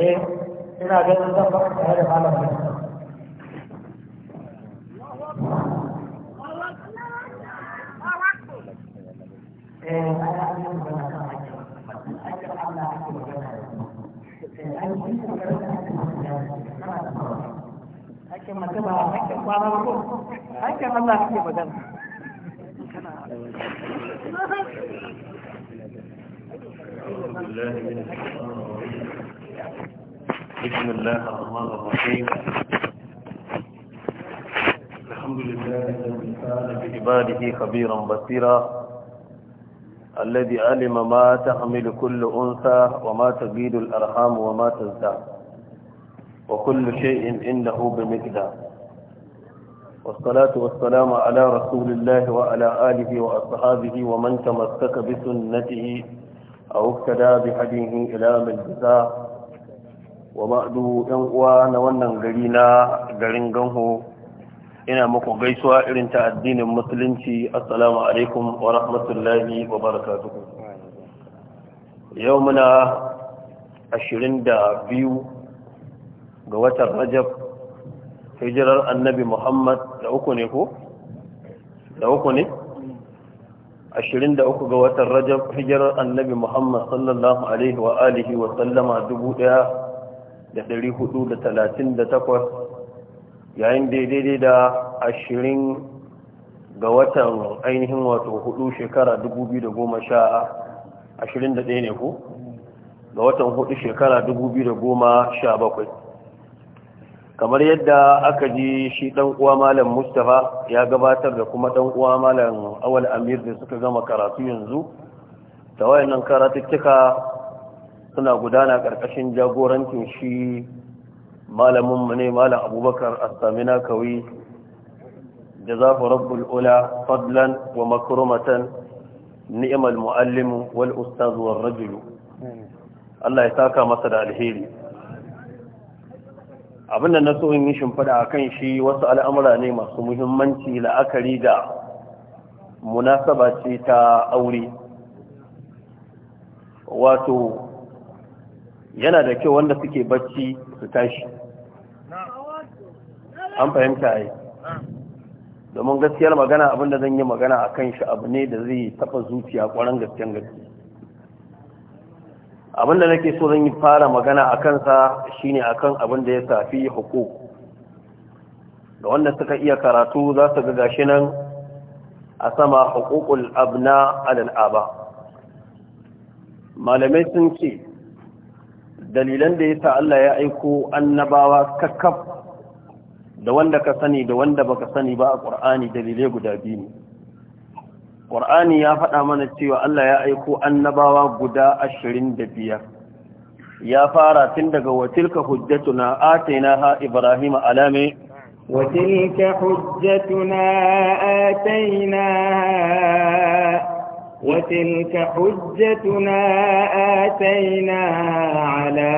eh ina ganin zan baka tare da malamin hakkin magana من الشيطان بسم الله الرحمن الرحيم الحمد لله الذي كان بعباده خبيرا بصيرا الذي علم ما تحمل كل أنثى وما تزيد الأرحام وما تزداد وكل شيء عنده بمقدار والصلاة والسلام على رسول الله وعلى آله وأصحابه ومن تمسك بسنته أو اقتدى بهديه إلى من wa ba'du yan uwa na wannan gari na garin ganho ina muku gaisuwa irin ta addinin musulunci assalamu alaikum wa rahmatullahi wa barakatuhu yau muna ashirin biyu ga watan rajab hijirar annabi muhammad da uku ne ko? da uku ne? ashirin da uku ga watan rajab hijirar annabi muhammad sallallahu alaihi wa alihi wa sallama dubu daya da ɗari hudu da talatin da takwas yayin daidai da ashirin ga watan ainihin wato hudu shekara dubu biyu da goma sha ashirin da ɗaya ne ku ga watan hudu shekara dubu biyu da goma sha bakwai kamar yadda aka ji shi ɗan uwa malam mustapha ya gabatar da kuma ɗan uwa malam awal amir da suka gama karatu yanzu da wayannan karatuttuka suna gudana ƙarƙashin jagorancin shi malaminmu ne malam abubakar astamina kawi da zafi rabbul ula fadlan wa makarumatan ni'imal mu'allimu wal ustazu wal rajulu Allah ya saka masa da alheri abin da na so in yi shimfiɗa a kan shi wasu al'amura ne masu muhimmanci la'akari da munasaba ce ta aure wato yana da kyau wanda suke bacci su tashi an fahimta yi domin gaskiyar magana abinda zan yi magana a kan shi abu ne da zai taba zuciya kwaran gaskiyar gaske abinda nake so zan yi fara magana a kansa shine akan abinda ya safi hukuku. da wanda suka iya karatu za su ga gashi nan a sama hukukul abna alal aba malamai sun ce dalilan da yasa Allah ya aiko annabawa kakkaf da wanda ka sani da wanda baka sani ba a ƙur'ani dalilai guda biyu ne ya faɗa mana cewa Allah ya aiko annabawa guda da biyar. ya fara tun daga watilka hujjatuna atainaha ibrahima alame وتلك حجتنا آتيناها وتلك حجتنا آتيناها على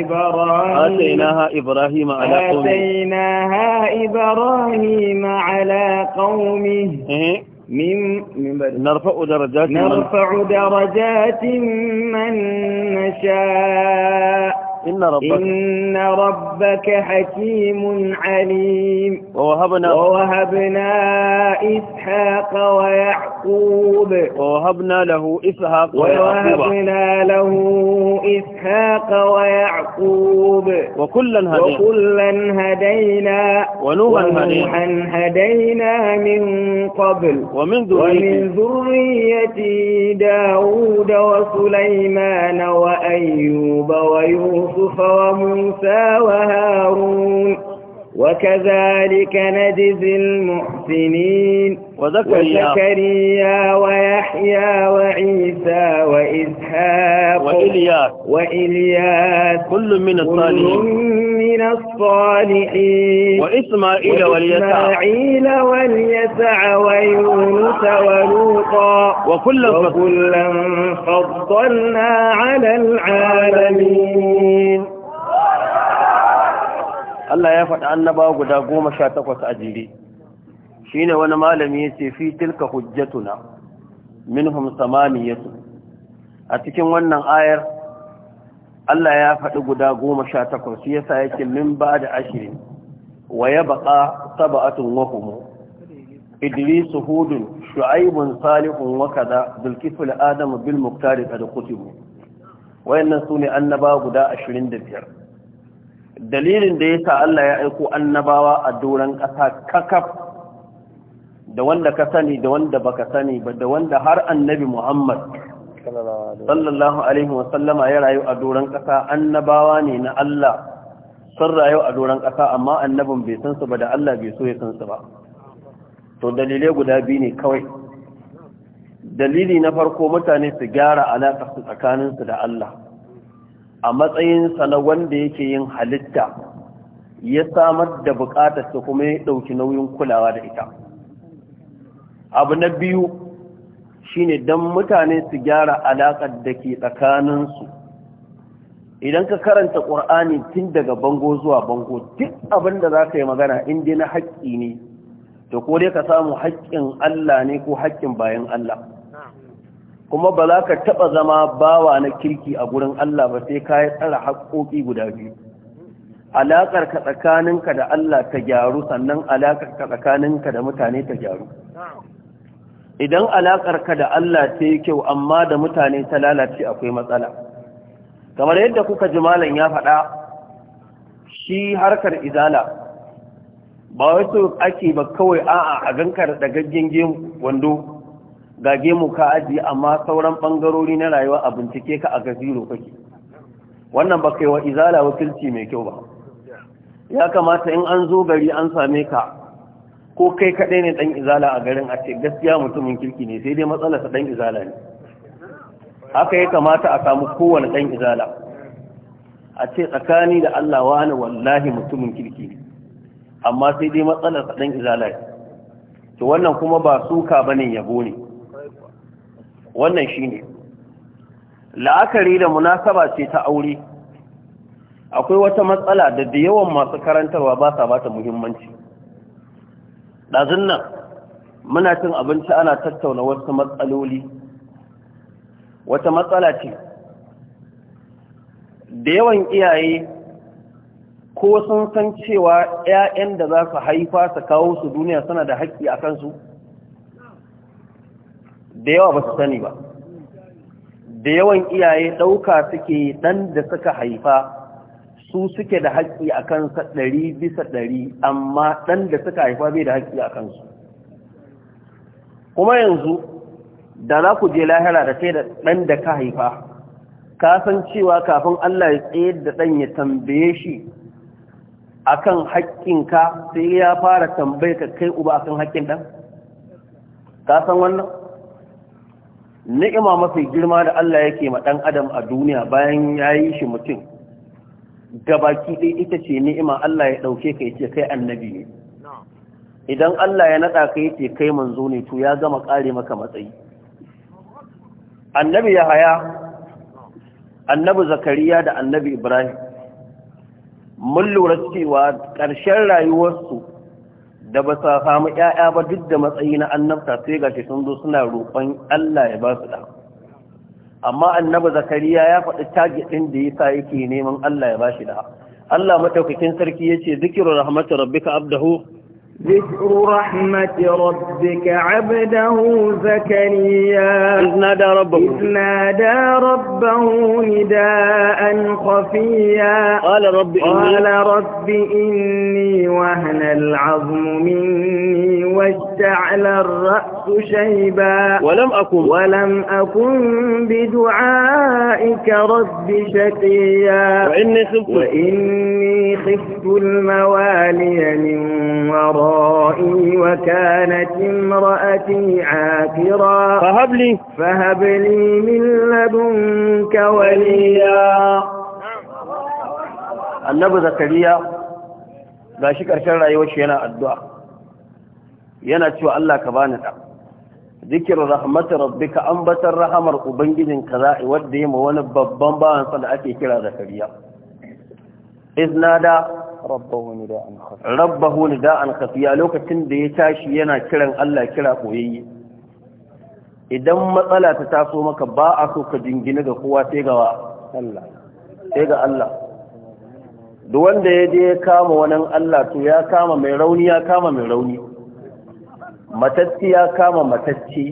إبراهيم آتيناها إبراهيم على قومه آتيناها إبراهيم على قومه إيه. من, من نرفع درجات نرفع درجات من نشاء إن ربك, إن ربك حكيم عليم ووهبنا, ووهبنا إسحاق ويعقوب ويعقوب ووهبنا له إسحاق ويعقوب له إسحاق ويعقوب وكلا هدينا وكلا هدينا ونوحا هدينا هدينا من قبل ومن ذريتي داود وسليمان وأيوب ويوسف وموسى وهارون وكذلك نجزي المحسنين وزكريا, ويحيى وعيسى وإسحاق وإلياس وإلياس كل من الصالحين من الصالحين وإسماعيل واليسع وإسماعيل واليسع ويونس ولوطا وكلا فضلنا على العالمين Allah ya faɗi annaba guda goma sha takwas a jere shi ne wani malami ya ce fi tilka hujjatuna minhum samaniyatu a cikin wannan ayar Allah ya faɗi guda goma sha takwas shi sa yake min ba da ashirin wa ya baƙa saba'atun wahumu idrisu hudun shu'aibun salihun wa kaza bilkisul adamu bil muktari qad kutibu wayannan ne annaba guda ashirin da biyar dalilin da ya sa Allah ya aiko annabawa a doran ƙasa kakaf da wanda ka sani da wanda baka sani ba da wanda har annabi Muhammad sallallahu alaihi wa sallama ya rayu a doran ƙasa annabawa ne na Allah sun rayu a doran ƙasa amma annabin bai san su ba da Allah bai so ya san su ba to dalilai guda biyu ne kawai dalili na farko mutane su gyara alaƙa su tsakaninsu da Allah a matsayin sa na wanda yake yin halitta ya samar da su kuma ya ɗauki nauyin kulawa da ita abu na biyu shine don mutane su gyara alaƙar da ke tsakaninsu idan ka karanta ƙur'ani tun daga bango zuwa bango duk abin da za ka yi magana inda na haƙƙi ne to ko dai ka samu haƙƙin Allah ne ko haƙƙin bayan Allah kuma ba za ka taɓa zama bawa na kirki a gurin Allah ba sai ka yi tsara haƙoƙi guda biyu alaƙar tsakaninka da Allah ta gyaru sannan alaƙar tsakaninka da mutane ta gyaru idan alaƙar da Allah ta yi kyau amma da mutane ta lalace akwai matsala kamar yadda kuka ji malam ya faɗa shi harkar izala ba wasu ake ba kawai a'a a gankar da gaggen gemu wando gage mu ka aji amma sauran bangarori na rayuwa a bincike ka a gaziro kake wannan ba kai wa izala wakilci mai kyau ba ya kamata in an zo gari an same ka ko kai kaɗai ne ɗan izala a garin a ce gaskiya mutumin kirki ne sai dai matsalarsa ɗan izala ne haka ya kamata a samu kowane ɗan izala a ce tsakani da Allah wani wallahi mutumin kirki ne amma sai dai matsalarsa ɗan izala ne to wannan kuma ba suka bane yabo ne wannan shi ne. la'akari da munasaba ce ta aure akwai wata matsala da da yawan masu karantarwa ba sa bata muhimmanci ɗazun nan muna cin abinci ana tattauna wasu matsaloli wata matsala ce da yawan iyaye ko sun san cewa 'ya'yan da za su haifa su kawo su duniya suna da haƙƙi a kansu da yawa ba su sani ba da yawan iyaye ɗauka suke ɗan da suka haifa su suke da haƙƙi a kansa ɗari bisa ɗari amma ɗan da suka haifa bai da haƙƙi a kansu kuma yanzu da na ku je lahira da kai da ɗan da ka haifa ka san cewa kafin Allah ya tsayar da ɗan ya tambaye shi akan haƙƙinka sai ya fara tambaye ka kai uba akan haƙƙin ɗan ka san wannan ni'ima mafi girma da Allah yake ma dan adam a duniya bayan yayi shi mutum ga baki ɗaya ita ce ni'ima Allah ya ɗauke ka yace kai annabi ne idan Allah ya naɗa ka yace kai manzo ne to ya gama ƙare maka matsayi annabi ya haya annabi zakariya da annabi ibrahim mun lura cewa ƙarshen rayuwarsu da ba sa samu ‘ya'ya ba duk da matsayi na annabta sai ga shi sun zo suna roƙon Allah ya ba su ɗa. Amma annaba Zakariya ya faɗi target ɗin da ya sa yake neman Allah ya ba shi ɗa. Allah mataukakin sarki ya ce zikirar rahmatar rabbika abdahu ذكر رحمة ربك عبده زكريا إذ نادى ربه إذ نادى ربه نداء خفيا قال رب إني قال رب إني وهن العظم مني واشتعل الرأس شيبا ولم أكن ولم أكن بدعائك رب شقيا وإني خفت وإني خفت الموالي من وراء ورائي وكانت امرأتي عاكرا فهب لي فهب لي من لدنك وليا النبي زكريا لا شك أرشان رأي وشينا الدعاء ينتشو الله كبانتا ذكر رحمة ربك أنبت الرحمة وبنجد كذا وديم ونبب بمبان صدعتي كلا زكريا إذ نادى rabbahu ni khafiya rabbahu nida'an khafiya lokacin da ya tashi yana kiran Allah kira koyayye idan matsala ta taso maka ba a so ka jingina ga kowa sai ga Allah sai ga Allah duk wanda ya je ya kama wannan Allah to ya kama mai rauni ya kama mai rauni matacci ya kama matacci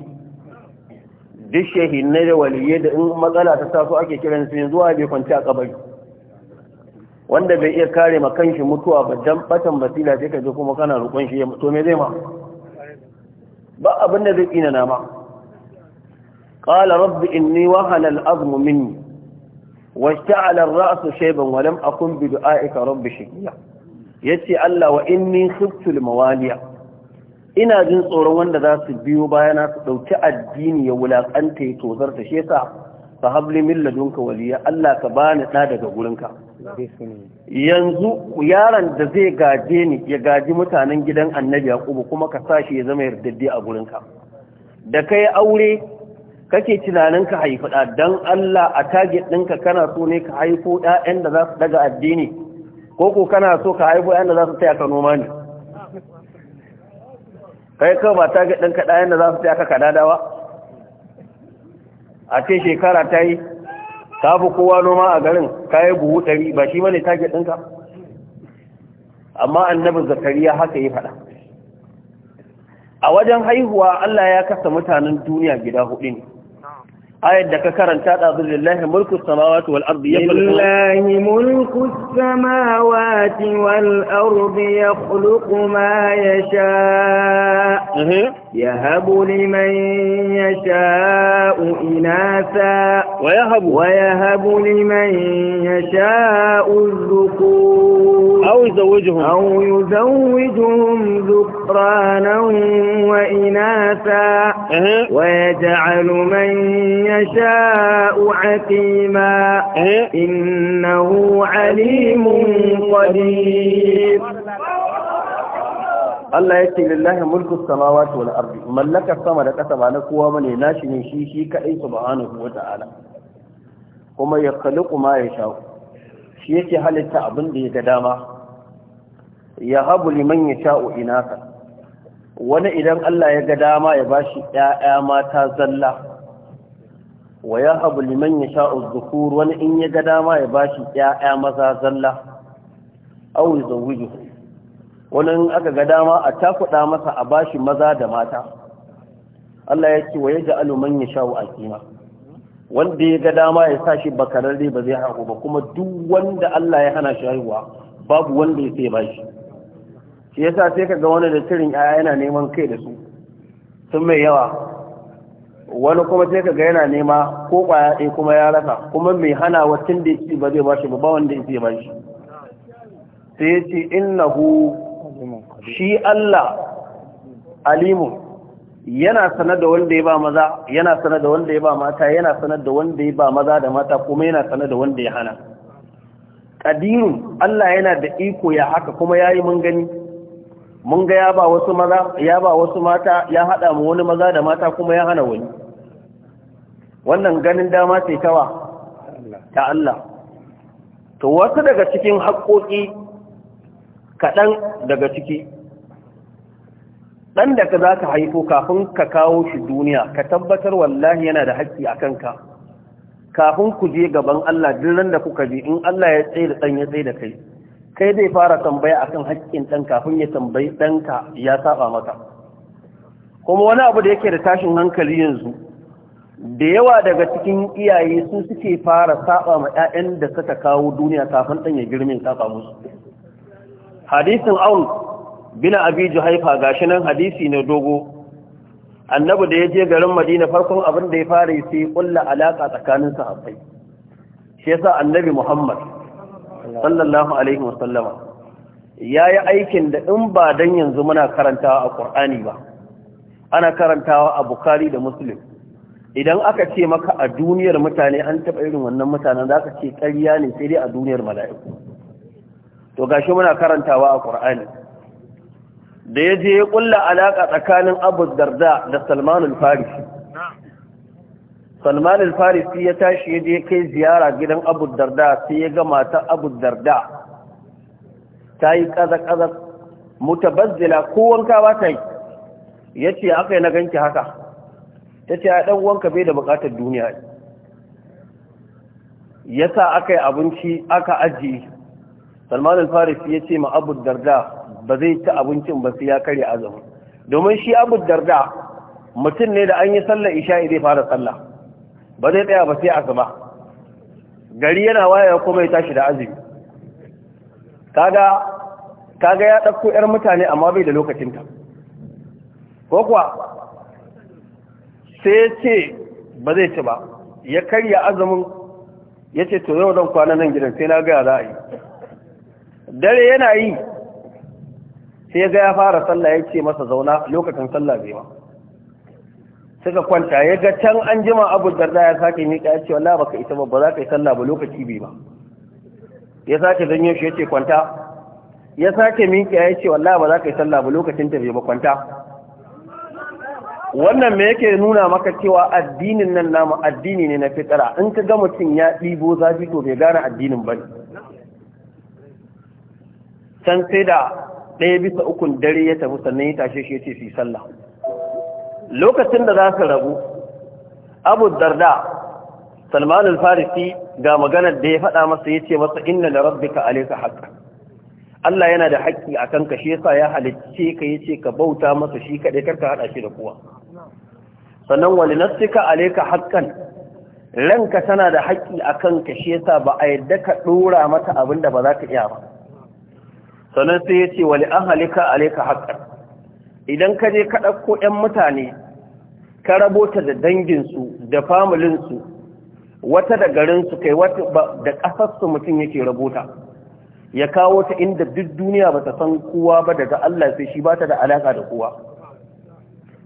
duk shehinai da waliyai da in matsala ta taso ake kiran su yanzu a bai kwanci a kabari wanda bai iya kare ma kanshi mutuwa ba dan batan basila sai ka je kuma kana roƙon shi to me zai ma ba abin da zai tsina na ma qala rabbi inni wahala al-azmu minni washta'ala ar-ra'su shayban wa lam akun bi du'aika rabbi shaqiya yace Allah wa inni khiftu al-mawaliya ina jin tsoron wanda za su biyo bayana su ɗauki addini ya wulakanta ya tozarta shi yasa fa habli min ladunka waliya Allah ka bani da daga gurinka yanzu yaron da zai gaje ni ya gaji mutanen gidan annabi yaqubu kuma ka sashi ya zama yardaddi a gurinka da kai aure kake tunanin ka haifi da dan Allah a target ɗinka kana so ne ka haifo ɗayan da za su daga addini ko ko kana so ka haifo ɗayan da za su taya ka noma ne kai ka ba target ɗinka ɗayan da za su taya ka kadadawa a ce shekara ta yi ta fi kowa noma a garin ta yi buhu ɗari ba shi mane take ɗinka amma annabi ya haka yi faɗa a wajen haihuwa allah ya kasa mutanen duniya gida hudu ne ayat da ka karanta da abu lillahi mulku samawati wal ardi yakhluqu lillahi mulku samawati wal ardi yakhluqu ma yasha yahabu liman yasha'u inasa wa yahabu wa yahabu liman yasha'u dhukur أو يزوجهم أو يزوجهم ذكرانا وإناثا أه. ويجعل من يشاء عقيما أه. إنه عليم قدير Allah ya ce lillahi mulku samawati wal ardi mallakar sama da ƙasa ba na kowa bane nashi ne shi shi kai subhanahu wata'ala kuma ya khaliqu ma yasha shi yake halitta abin da ya ga dama ya habu liman ya sha'o inasa wani idan Allah ya ga dama ya bashi ‘ya'ya mata zalla wa ya habu liman ya sha'o zukur wani in ya ga dama ya bashi ‘ya'ya maza zalla au ya wani in aka ga dama a takuɗa masa a bashi maza da mata Allah ya ce wa ya ja'alu man ya sha'o a kima wanda ya ga dama ya sa shi bakararre ba zai haihu ba kuma duk wanda Allah ya hana shi haihuwa babu wanda ya sai ba shi shi yasa sai ka ga wani da cirin yaya yana neman kai da su sun mai yawa wani kuma sai ka ga yana nema ko kwaya ɗaya kuma ya rasa kuma mai hana tun da yake ba zai ba ba ba wanda yake ba shi sai yace innahu shi Allah alimu yana sanar da wanda ya ba maza yana sanar da wanda ya ba mata yana sanar da wanda ya ba maza da mata kuma yana sanar da wanda ya hana qadirun Allah yana da iko ya haka kuma yi mun gani mun ga ya ba wasu maza ya ba wasu mata ya haɗa mu wani maza da mata kuma ya hana wani wannan ganin dama ce kawa ta Allah to wasu daga cikin haƙoƙi kaɗan daga ciki ɗan da ka za ka haifo kafin ka kawo shi duniya ka tabbatar wallahi yana da haƙƙi a kanka kafin ku je gaban Allah duk da kuka je in Allah ya tsaye da ɗan ya tsaye da kai kai zai fara tambaya a kan haƙƙin ɗan kafin ya tambayi ɗanka ya saba maka kuma wani abu da yake da tashin hankali yanzu da yawa daga cikin iyaye su suke fara saba ma 'ya'yan da suka kawo duniya kafin ɗan ya girmin saba musu hadisin aun bin haifa ga shi nan hadisi na dogo Annabu da ya je garin madina farkon abin da ya fara yi sai ƙulla alaka tsakanin sahabbai shi yasa annabi muhammad sallallahu alaihi wasallama ya yi aikin da in ba don yanzu muna karantawa a ƙur'ani ba ana karantawa a bukari da muslim idan aka ce maka a duniyar mutane an taɓa irin wannan mutanen za ka ce ƙarya ne sai dai a duniyar mala'iku to gashi muna karantawa a Kur'ani. da ya je ya ƙulla alaƙa tsakanin abu darda da salmanul farisi salman al-farisi ya tashi ya je kai ziyara gidan abu darda sai ya ga mata abu darda ta yi kaza-kaza mutabazzila ko wanka ba ta yi ya ce aka yi na ganki haka ta ce a ɗan wanka bai da buƙatar duniya ya sa aka yi abinci aka ajiye salman al-farisi ya ce ma abu darda ba zai ci abincin ba sai ya karya azumi domin shi abu darda mutum ne da an yi sallar isha'i zai fara sallah ba zai tsaya ba sai a zama gari yana waya kuma ya tashi da azumi kaga kaga ya ɗauko 'yar mutane amma bai da lokacinta ko kuwa sai ce ba zai ci ba ya karya azumin ya ce to yau don kwana nan gidan sai na gaya za a yi dare yana yi sai ga ya fara sallah ya ce masa zauna lokacin sallah zai ba suka kwanta ya ga can an jima abu darda ya sake miƙa ya ce wallahi baka isa ba ba za ka yi sallah ba lokaci bai ba ya sake zanyo shi ya ce kwanta ya sake miƙa ya ce wallahi ba za ka yi sallah ba lokacin ta bai ba kwanta wannan me yake nuna maka cewa addinin nan namu addini ne na fitara in ka ga mutum ya ɗibo zafi to bai gane addinin ba ne can sai da ɗaya bisa ukun dare ya tafi sannan ya tashe shi ya ce su sallah lokacin da za su rabu abu darda salman farisi ga maganar da ya faɗa masa ya ce masa inna da rabbika alaika haƙa Allah yana da haƙƙi a kanka shi yasa ya halicce ka ya ce ka bauta masa shi kaɗai karka haɗa shi da kowa sannan wani nassika alaika haƙƙan ranka tana da haƙƙi a kanka shi yasa ba a yadda ka ɗora mata abin da ba za ka iya ba sannan sai ya ce wani an halika alaika haƙƙan idan ka je ka ɗauko 'yan mutane ka rabota da danginsu da familinsu wata da garinsu kai wata da ƙasarsu mutum yake rabota ya kawo ta inda duk duniya ba ta san kowa ba daga Allah sai shi ba ta da alaƙa da kowa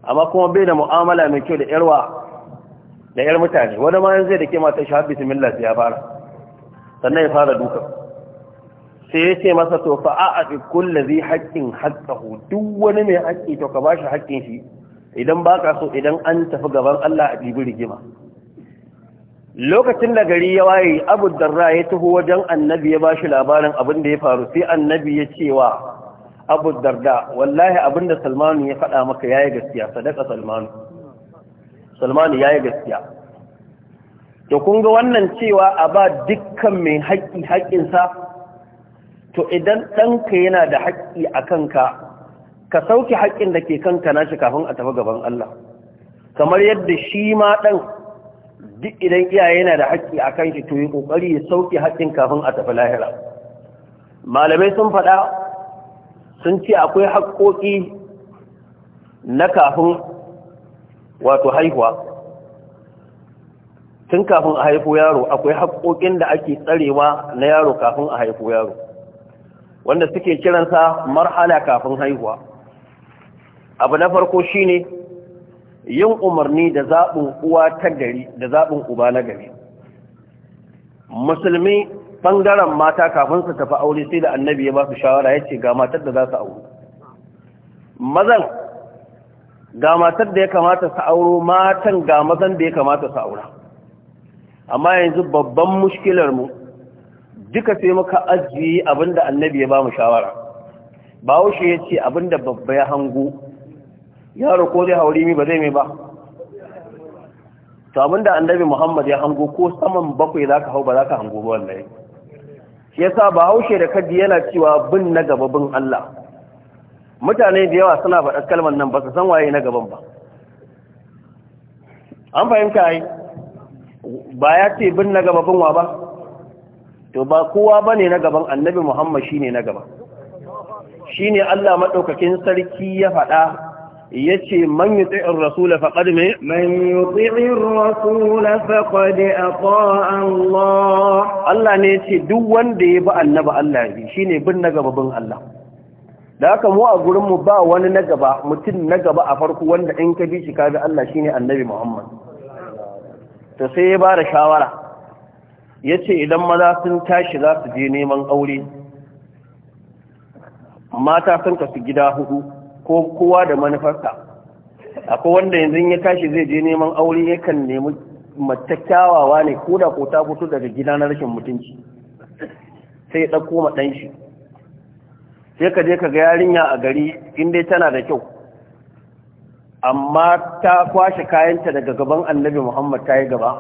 amma kuma bai da mu'amala mai kyau da 'yarwa da 'yar mutane wani ma yanzu da ke mata shi haɓe su ya fara sannan ya fara duka. sai ya ce masa to fa a fi kulla zai haƙƙin haƙƙahu duk wani mai haƙƙi to ka bashi haƙƙin shi idan ba ka so idan an tafi gaban Allah a bibi rigima lokacin da gari ya waye abu darra ya taho wajen annabi ya bashi labarin abin da ya faru sai annabi ya ce wa abu darda wallahi abin da salmanu ya faɗa maka ya yi gaskiya sadaka salmanu salmanu ya yi gaskiya to kun ga wannan cewa a ba dukkan mai haƙƙi haƙƙinsa to idan ɗanka yana da haƙƙi a kanka ka sauke haƙƙin da ke kanka nashi kafin a tafi gaban Allah kamar yadda shi ma ɗan duk idan iyaye yana da haƙƙi a kan to yi ƙoƙari ya sauke haƙƙin kafin a tafi lahira malamai sun faɗa sun ce akwai haƙƙoƙi na kafin wato haihuwa tun kafin a haifo yaro akwai haƙƙoƙin da ake tsarewa na yaro kafin a haifo yaro wanda suke kiransa marhala kafin haihuwa abu na farko shine yin umarni da zaɓin uwa ta gari da zaɓin uba na gari musulmi ɓangaren mata kafin su tafi aure sai da annabi ya ba su shawara ya ce ga matar da za su aure mazan ga matar da ya kamata su auro matan ga mazan da ya kamata su aura amma yanzu babban mushkilar mu duka sai muka ajiye abinda annabi ya ba mu shawara ba wushe ya ce abinda babba ya hango yaro ko zai hauri mi ba zai mai ba to abinda annabi muhammad ya hango ko saman bakwai za ka hau ba za ka hango ruwan laye shi ya sa ba haushe da kaddi yana cewa bin na gaba bin allah mutane da yawa suna faɗa kalmar nan ba su san waye na gaban ba an fahimta yi ba ya ce bin na gaba bin wa ba to ba kowa ba ne na gaban annabi Muhammad shi ne na gaba Shi ne Allah madaukakin sarki ya faɗa ce man rasula rasul mai man rasula rasul a ƙwa'an Allah Allah ne ce duk wanda ya bi annabi Allah ne bin na bin Allah da haka mu a gurinmu ba wani na gaba mutum na gaba a farko wanda in ka bi shi ka bi Allah ne annabi Muhammad to sai ya ba da shawara ya ce idan maza sun tashi za su je neman aure mata sun kasu gida hudu ko kowa da manufarsa akwai wanda yanzu ya tashi zai je neman aure yakan nemi mace kyawawa ne ko da ko ta fito daga gida na rashin mutunci sai ya ɗauko ma ɗan shi sai ka je ka ga yarinya a gari in dai tana da kyau amma ta kwashe kayanta daga gaban annabi muhammad ta yi gaba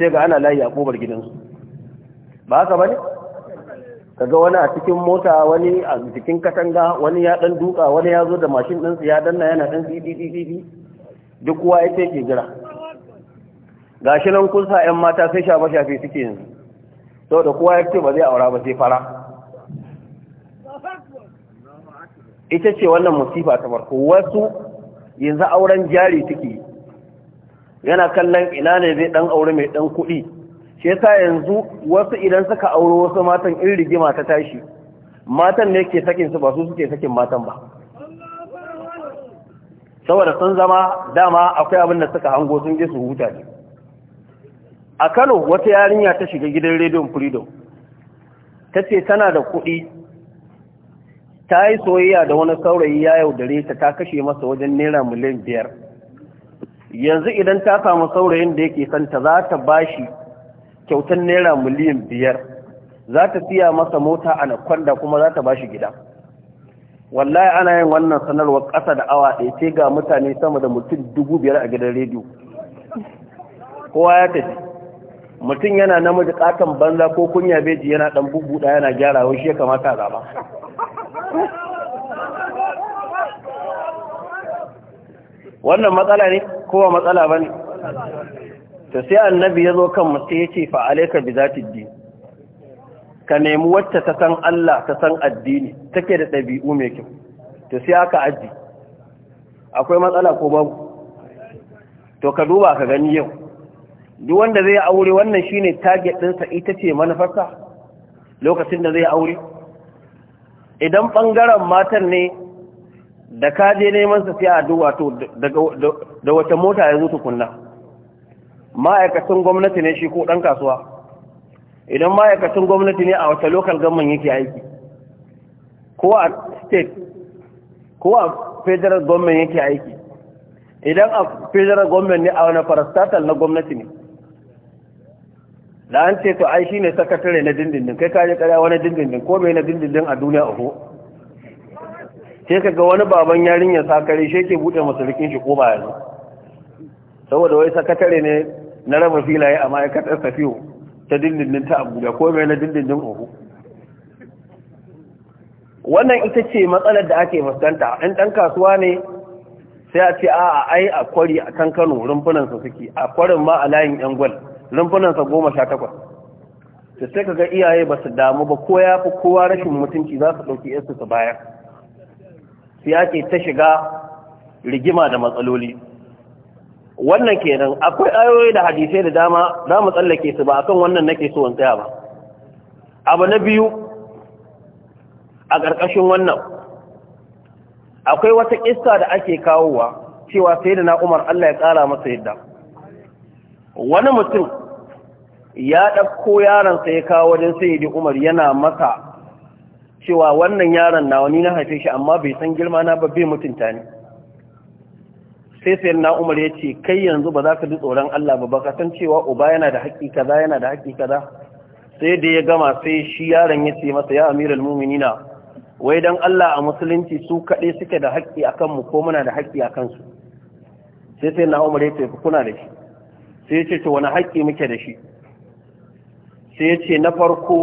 sai ga ana layi a ƙobar gidansu ba haka ne kaga wani a cikin mota wani a cikin katanga wani ya dan duka wani ya zo da mashin ɗinsu ya danna yana dan didi duk kowa yake ke jira gashi nan kun sa 'yan mata sai shafe shafe suke yanzu saboda kowa ya ce ba zai aura ba sai fara ita ce wannan musifa ta farko wasu yanzu auren jari suke yana kallon ina ne zai dan aure mai dan kuɗi shi yasa yanzu wasu idan suka auro wasu matan in rigima ta tashi matan ne ke sakin su ba su suke sakin matan ba saboda sun zama dama akwai abin da suka hango sun je su huta ne a Kano wata yarinya ta shiga gidan Radio Freedom ta ce tana da kuɗi ta yi soyayya da wani saurayi ya yaudare ta ta kashe masa wajen naira miliyan biyar yanzu idan ta samu saurayin da yake santa za ta bashi kyautar naira miliyan biyar za ta siya masa mota a nakwanda kuma za ta ba shi gida wallahi ana yin wannan sanarwar ƙasa da awa ɗaya sai ga mutane sama da mutum dubu biyar a gidan rediyo kowa ya tafi mutum yana namiji ƙaton banza ko kunya beji yana ɗan bubuɗa yana gyara wai shi ya kamata zaba wannan matsala ne kowa matsala ba ne to sai annabi ya zo kan mace ya ce fa'alaika bi za ta ka nemi wacce ta san Allah ta san addini take da ɗabi'u mai kyau to sai aka aji akwai matsala ko babu to ka duba ka gani yau duk wanda zai aure wannan shine target ɗinsa ita ce manufarsa lokacin da zai aure idan ɓangaren matan ne da ka je neman sa sai a duba to da wata mota ya zo tukunna ma'aikacin gwamnati ne shi ko ɗan kasuwa idan ma'aikacin gwamnati ne a wata lokal gamman yake aiki ko a state ko a federal government yake aiki idan a federal government ne a wani farastatal na gwamnati ne da an ce to ai shi ne sakatare na dindindin kai kaje karya wani dindindin ko mai na dindindin a duniya uku sai ka ga wani baban yarinya sakare shi ke buɗe rikin shi ko ba yanzu saboda wai sakatare ne na raba filaye a ma'aikatar safiyo ta dindindin ta abuja ko mai na dindindin uku wannan ita ce matsalar da ake fuskanta in ɗan kasuwa ne sai a ce a ai a kwari a kan kano rumfunansa suke a kwarin ma a layin yan gwal rumfunansa goma sha takwas da sai ka ga iyaye ba su damu ba ko ya fi kowa rashin mutunci za su ɗauki yarsu su bayar sai ake ta shiga rigima da matsaloli wannan kenan akwai ayoyi da hadisai da dama za mu tsallake su ba akan wannan nake so in tsaya ba abu na biyu a ƙarƙashin wannan akwai wata ƙista da ake kawowa cewa sai da na umar Allah ya ƙara masa yadda wani mutum ya ɗauko yaransa ya kawo wajen sai da umar yana masa cewa wannan yaron na wani na haife shi amma bai san girma na ba bai mutunta ne sai sai na umar ya ce kai yanzu ba za ka ji tsoron Allah ba baka san cewa uba yana da haƙƙi kaza yana da haƙƙi kaza sai da ya gama sai shi yaron ya ce masa ya amiral muminina wai dan Allah a musulunci su kaɗai suke da haƙƙi a kanmu ko muna da haƙƙi a kansu sai sai na umar ya ce kuna da shi sai ya ce to wani haƙƙi muke da shi sai ya ce na farko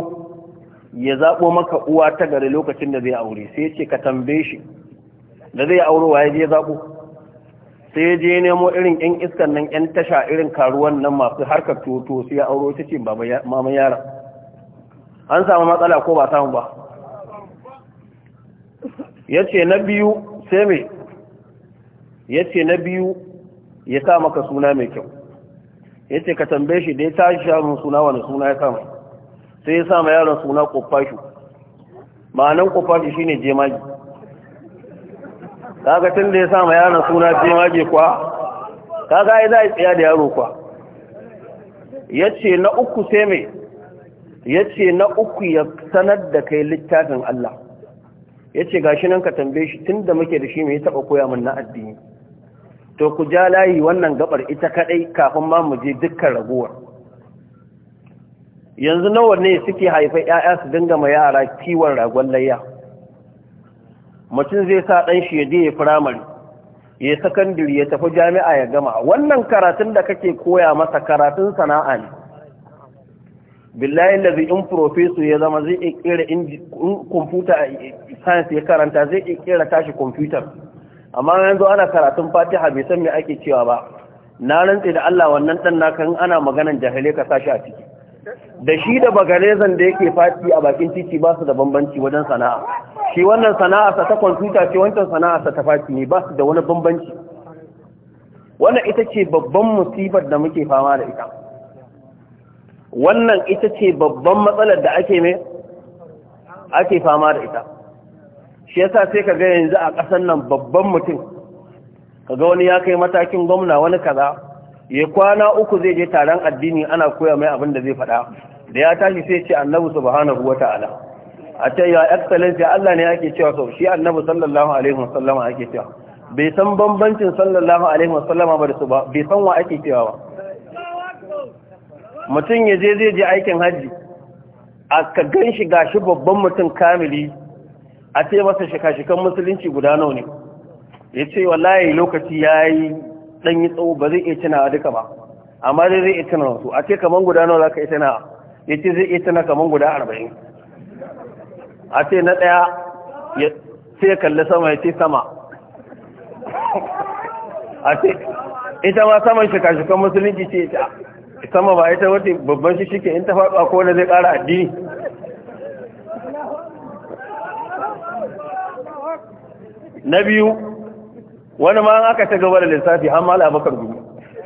ya zaɓo maka uwa ta gari lokacin da zai aure sai ya ce ka tambaye shi da zai aure ya ya zaɓo sai je nemo irin yan iskan nan yan tasha irin karuwan nan masu harkar tuto sai ya auro ta ce mama yara an samu matsala ko ba samu ba ya ce na biyu sai mai ya ce na biyu ya sa maka suna mai kyau ya ce ka tambaye shi da ya tashi yaron suna wani suna ya sa mai sai ya sa ma yaron suna kofashi ma'anan kofashi shine jemagi kaga tun da ya sa ma yana suna jemage kwa kaga ya za a tsaya da yaro kwa yace na uku sai ya ce na uku ya sanar da kai littafin Allah Ya ce, ga shi nan ka tambaye shi tun da muke da shi mai ya taba koya min na addini to ku ja layi wannan gabar ita kaɗai kafin ma mu je dukkan raguwar yanzu nawa ne suke haifa 'ya'ya su dinga ma yara kiwon ragon layya mutum zai sa ɗan shi ya je ya firamare ya sakandiri ya tafi jami'a ya gama wannan karatun da kake koya masa karatun sana'a ne billahi da in profeso ya zama zai iya kwamfuta a science ya karanta zai iya tashi kwamfutar amma yanzu ana karatun fatiha bai san me ake cewa ba na rantse da Allah wannan ɗan naka in ana maganan jahilai ka sashi a ciki da shi da bagarezan da yake fati a bakin titi ba su da bambanci wajen sana'a shi wannan sana'arsa ta kwamfuta ce wancan sana'arsa ta faci ne ba su da wani bambanci wannan ita ce babban musibar da muke fama da ita wannan ita ce babban matsalar da ake mai ake fama da ita shi yasa sai ka ga yanzu a ƙasar nan babban mutum ka ga wani ya kai matakin gwamna wani kaza ya kwana uku zai je taron addini ana koya mai abin da zai faɗa da ya tashi sai ce annabi subhanahu wata'ala a ce ya excellency Allah ne ake cewa so shi annabi sallallahu alaihi wasallama yake cewa bai san bambancin sallallahu alaihi wasallama ba da su ba bai san wa ake cewa ba mutum ya je zai je aikin hajji a ka gan shi gashi babban mutum kamili a ce masa shika-shikan musulunci guda nawa ne ya ce wallahi lokaci ya yi ɗan yi tsawo ba zai iya tunawa duka ba amma dai zai iya tunawa su a ce kaman guda nawa za ka iya tunawa ya ce zai iya tuna kaman guda arba'in a ce na ɗaya sai kalli sama ya ce sama a ce ita ma saman shika-shikan musulunci ce ta sama ba ita wata babban shi shike in ta faɗa ko na zai ƙara addini na biyu wani ma aka ta gaba da lissafi an mala bakar gudu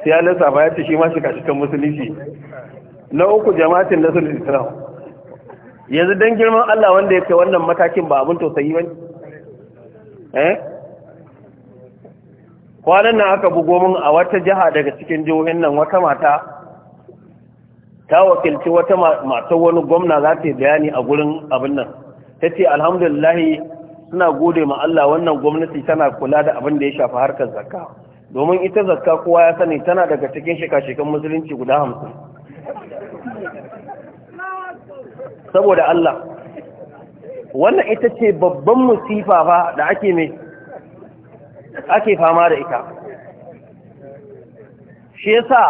sai ya lissafa ya ce shi ma shika-shikan musulunci na uku jama'atin nasarar islam yanzu don girman Allah wanda ya kai wannan matakin ba abin tausayi ba eh kwanan nan aka bugo min a wata jiha daga cikin jihohin nan wata mata ta wakilci wata mata wani gwamna za ta yi bayani a gurin abin nan ta ce alhamdulillahi suna gode ma Allah wannan gwamnati tana kula da abin da ya shafi harkar zakka domin ita zakka kowa ya sani tana daga cikin shika-shikan musulunci guda hamsin saboda Allah wannan ita ce babban musifa ba da ake mai ake fama da ita shi yasa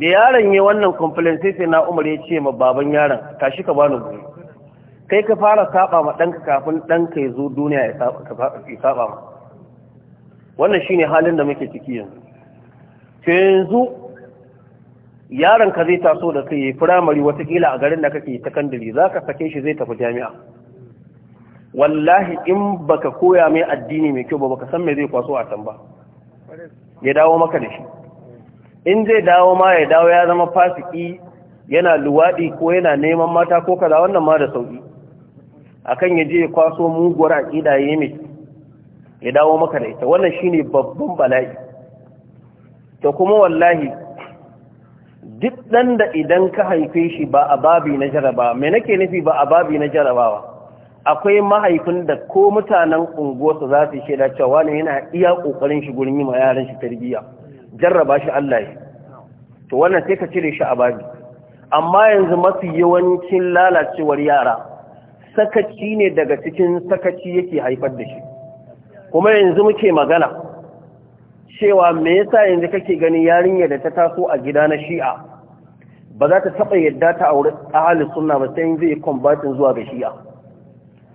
da yaron ya wannan complaint na Umar ya ce ma baban yaron tashi ka bani guri kai ka fara saba ma ɗanka kafin ɗanka ya zo duniya ya saba ma wannan shi ne halin da muke ciki yanzu yanzu yaron ka zai taso da kai yayi firamare watakila a garin da kake secondary zaka sake shi zai tafi jami'a wallahi in baka koya mai addini mai kyau ba baka san me zai kwaso a can ba ya dawo maka da shi in zai dawo ma ya dawo ya zama fasiki yana luwaɗi ko yana neman mata ko kaza wannan ma da sauƙi akan ya je ya kwaso muguwar aƙida ya mai ya dawo maka da ita wannan shine babban bala'i to kuma wallahi duk ɗan da idan ka haife shi ba a babi na jaraba me nake nufi ba a babi na jarabawa akwai mahaifin da ko mutanen unguwarsa za su shaida cewa ne yana iya ƙoƙarin shi gurin yi ma yaran shi tarbiyya jarraba shi Allah ya to wannan sai ka cire shi a babi amma yanzu mafi yawancin lalacewar yara sakaci ne daga cikin sakaci yake haifar da shi kuma yanzu muke magana cewa me yasa yanzu kake ganin yarinya da ta taso a gida na shi'a ba za ta taɓa yadda ta aure ahalin sunna ba sai zai kwambatin zuwa ga shi'a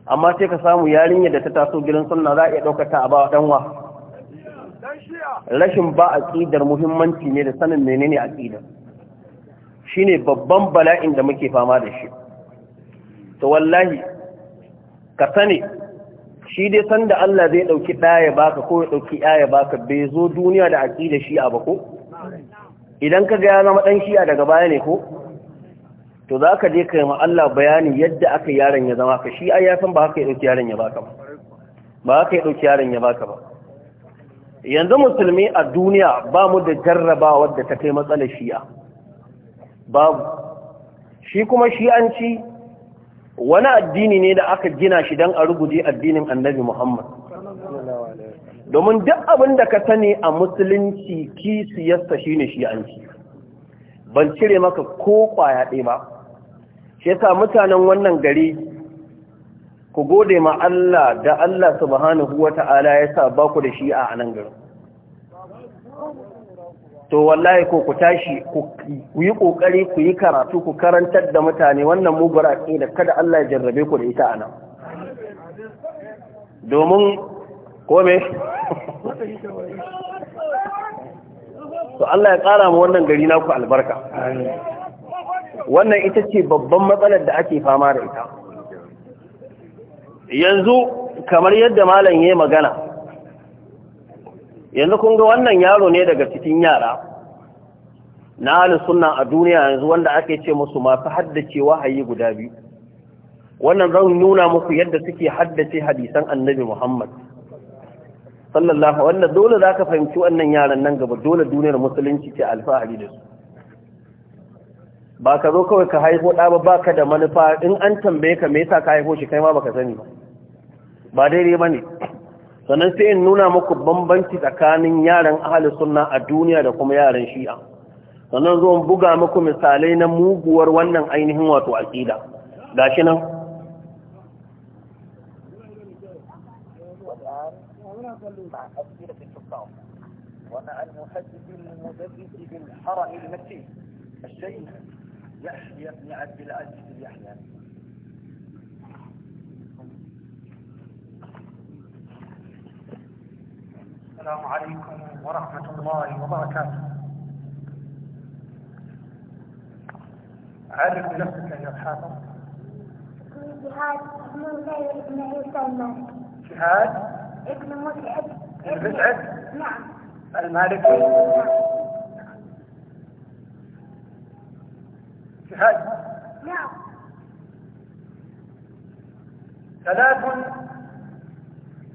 amma sai ka samu yarinya da ta taso gidan sunna za a iya ɗaukata a ba ɗanwa rashin ba ƙidar muhimmanci ne da sanin menene Shi shine babban bala'in da muke fama da shi to wallahi ka sani shi dai sanda Allah zai ɗauki ɗaya baka ko ya ɗauki ɗaya baka bai zo duniya da da shi'a ba ko idan ka ga ya zama ɗan shi'a daga baya ne ko to za ka je ka yi Allah bayani yadda aka yaron ya zama ka shi ai ya san ba haka ya ɗauki yaron ya baka ba ba haka ya ɗauki yaron ya baka ba yanzu musulmi a duniya ba mu da jarrabawa da ta kai matsalar shi'a babu shi kuma shi'anci wani addini ne da aka gina shi don a ruguje addinin annabi Muhammad. Domin duk abin da ka sani a musulunci ki siyasta shi ne shi'anci, ban cire maka ko kwaya ɗaya ba. Shi yasa mutanen wannan gari ku gode ma Allah da Allah subhanahu wa ta'ala ya sa ba da shi'a a nan garin. to wallahi ko ku tashi ku yi kokari ku yi karatu ku karantar da mutane wannan ke da kada Allah ya jarrabe ku da ita anan domin ko to Allah ya kara mu wannan gari naku albarka wannan ita ce babban matsalar da ake fama da ita yanzu kamar yadda malam ya yi magana yanzu kun ga wannan yaro ne daga cikin yara na halin suna a duniya yanzu wanda ake ce musu masu haddace wahayi guda biyu wannan zan nuna muku yadda suke haddace hadisan annabi muhammad sallallahu wanda dole za ka fahimci wannan yaran nan gaba dole duniyar musulunci ce alfahari da su ba ka zo kawai ka haifo ɗa ba ka da manufa in an tambaye ka me yasa ka haifo shi kai ma baka sani ba ba daidai ba ne sannan sai in nuna muku bambanci tsakanin yaran ahalin sunna a duniya da kuma yaran shi'a sannan zo buga muku misalai na muguwar wannan ainihin wato aƙida gashi nan ومع المحدث المدرس بالحرم المكي الشيخ يحيى بن عبد العزيز يحيى السلام عليكم ورحمة الله وبركاته عرف نفسك يا حاتم جهاد بن مسعود بن عيسى المالكي جهاد ابن مسعود ابن مسعود نعم المالكي نعم جهاد نعم ثلاث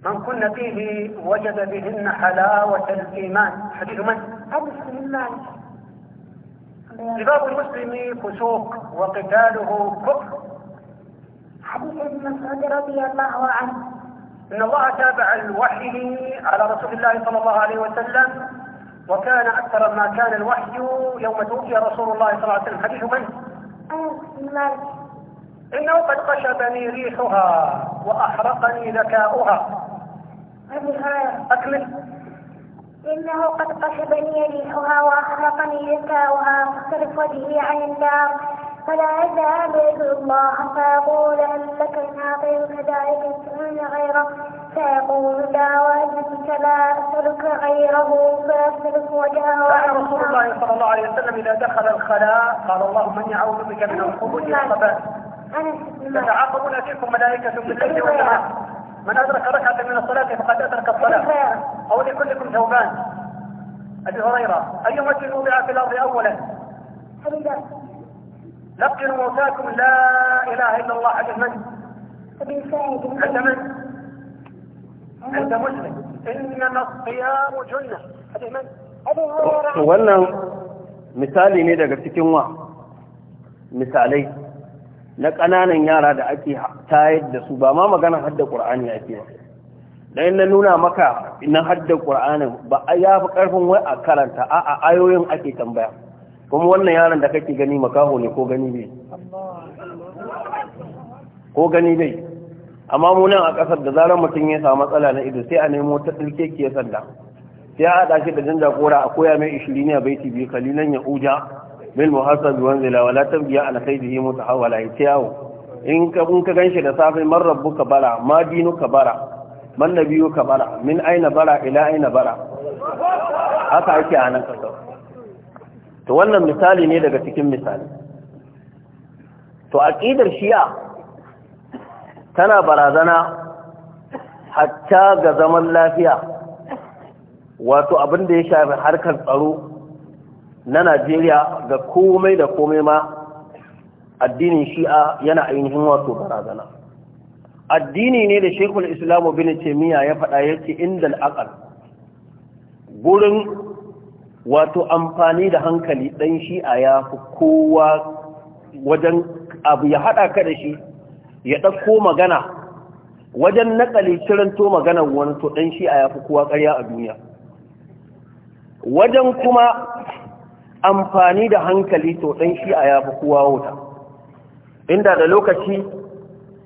من كن فيه وجد بهن حلاوة الإيمان حديث من؟ حديث الله لباب المسلم فسوق وقتاله كفر حديث ابن مسعود رضي الله عنه ان الله تابع الوحي على رسول الله صلى الله عليه وسلم وكان اكثر ما كان الوحي يوم توفي رسول الله صلى الله عليه وسلم حديث من؟ آه، انه قد قشبني ريحها واحرقني ذكاؤها أكله إنه قد قشبني ريحها وأخلقني ذكاؤها مختلف وجهي عن النار فلا أزال أدعو الله فيقول لك ناظر كذلك تسألون غيره فيقول لا وأنك لا أسألك غيره فيسلك وجهه كان رسول الله صلى الله عليه وسلم إذا دخل الخلاء قال اللهم إني أعوذ بك من الخروج والصبات تتعاقبون فيكم ملائكة الليل والنهار من أدرك ركعة من الصلاة فقد أدرك الصلاة أو لكلكم ثوبان أبي هريرة أي وجه وضع في الأرض أولا لقنوا موتاكم لا إله إلا الله عند من عند من عند مسلم إنما الصيام جنة هذه من wannan misali ne daga cikin wa misalai na ƙananan yara da ake tayar da su ba ma magana hadda ƙur'ani ke ba na nuna maka na hadda ƙur'anin ba a ya fi ƙarfin wai a karanta a a ayoyin ake tambaya kuma wannan yaron da kake gani makaho ne ko gani bai ko gani bai amma a ƙasar da zarar mutum ya samu matsala na ido sai a nemo ta ɗirke ke sanda sai a haɗa shi da jan jagora a koya mai a baiti biyu kalilan ya uja bil muhasab wa la tabgiya ala kaydihi mutahawala itiyaw in ka kun ka ganshi da safe man rabbuka bara ma dinuka bara man nabiyuka bara min aina bara ila aina bara haka ake a nan kasar to wannan misali ne daga cikin misali to aqidar shi'a tana barazana hatta ga zaman lafiya wato abin da ya shafi harkar tsaro na najeriya ga komai da komai ma addinin shi'a yana ainihin wato barazana addini ne da shekul islamu bin miya ya faɗa yake inda al'akal gurin wato amfani da hankali ɗan shi'a ya fi kowa wajen abu ya haɗa ka da shi ya ɗauko magana wajen naƙali ciranto maganar wani to ɗan shi'a ya fi kowa ƙarya a duniya wajen kuma amfani da hankali to ɗan shi a yafi kowa wuta inda da lokaci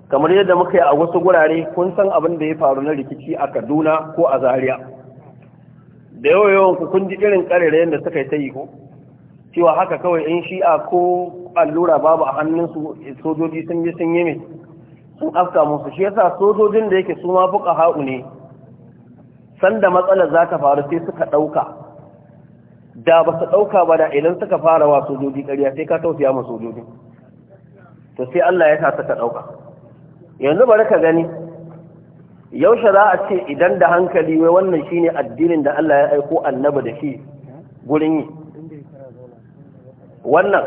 kamar yadda muka yi a wasu gurare kun san abin da ya faru na rikici a kaduna ko a zaria da yawan ku kun ji irin ƙarerayen da suka yi ta yi ko cewa haka kawai in shi'a ko allura babu a hannunsu sojoji sun yi sun yi mai sun afka musu shi yasa sojojin da yake su ma fuka ha'u ne sanda matsalar za ta faru sai suka ɗauka da ba su ɗauka ba da idan suka fara wa sojoji ƙarya sai ka tausiya ma sojoji to sai Allah ya sa suka ɗauka yanzu bari ka gani yaushe za a ce idan da hankali wai wannan shine addinin da Allah ya aiko annabi da shi gurin yi wannan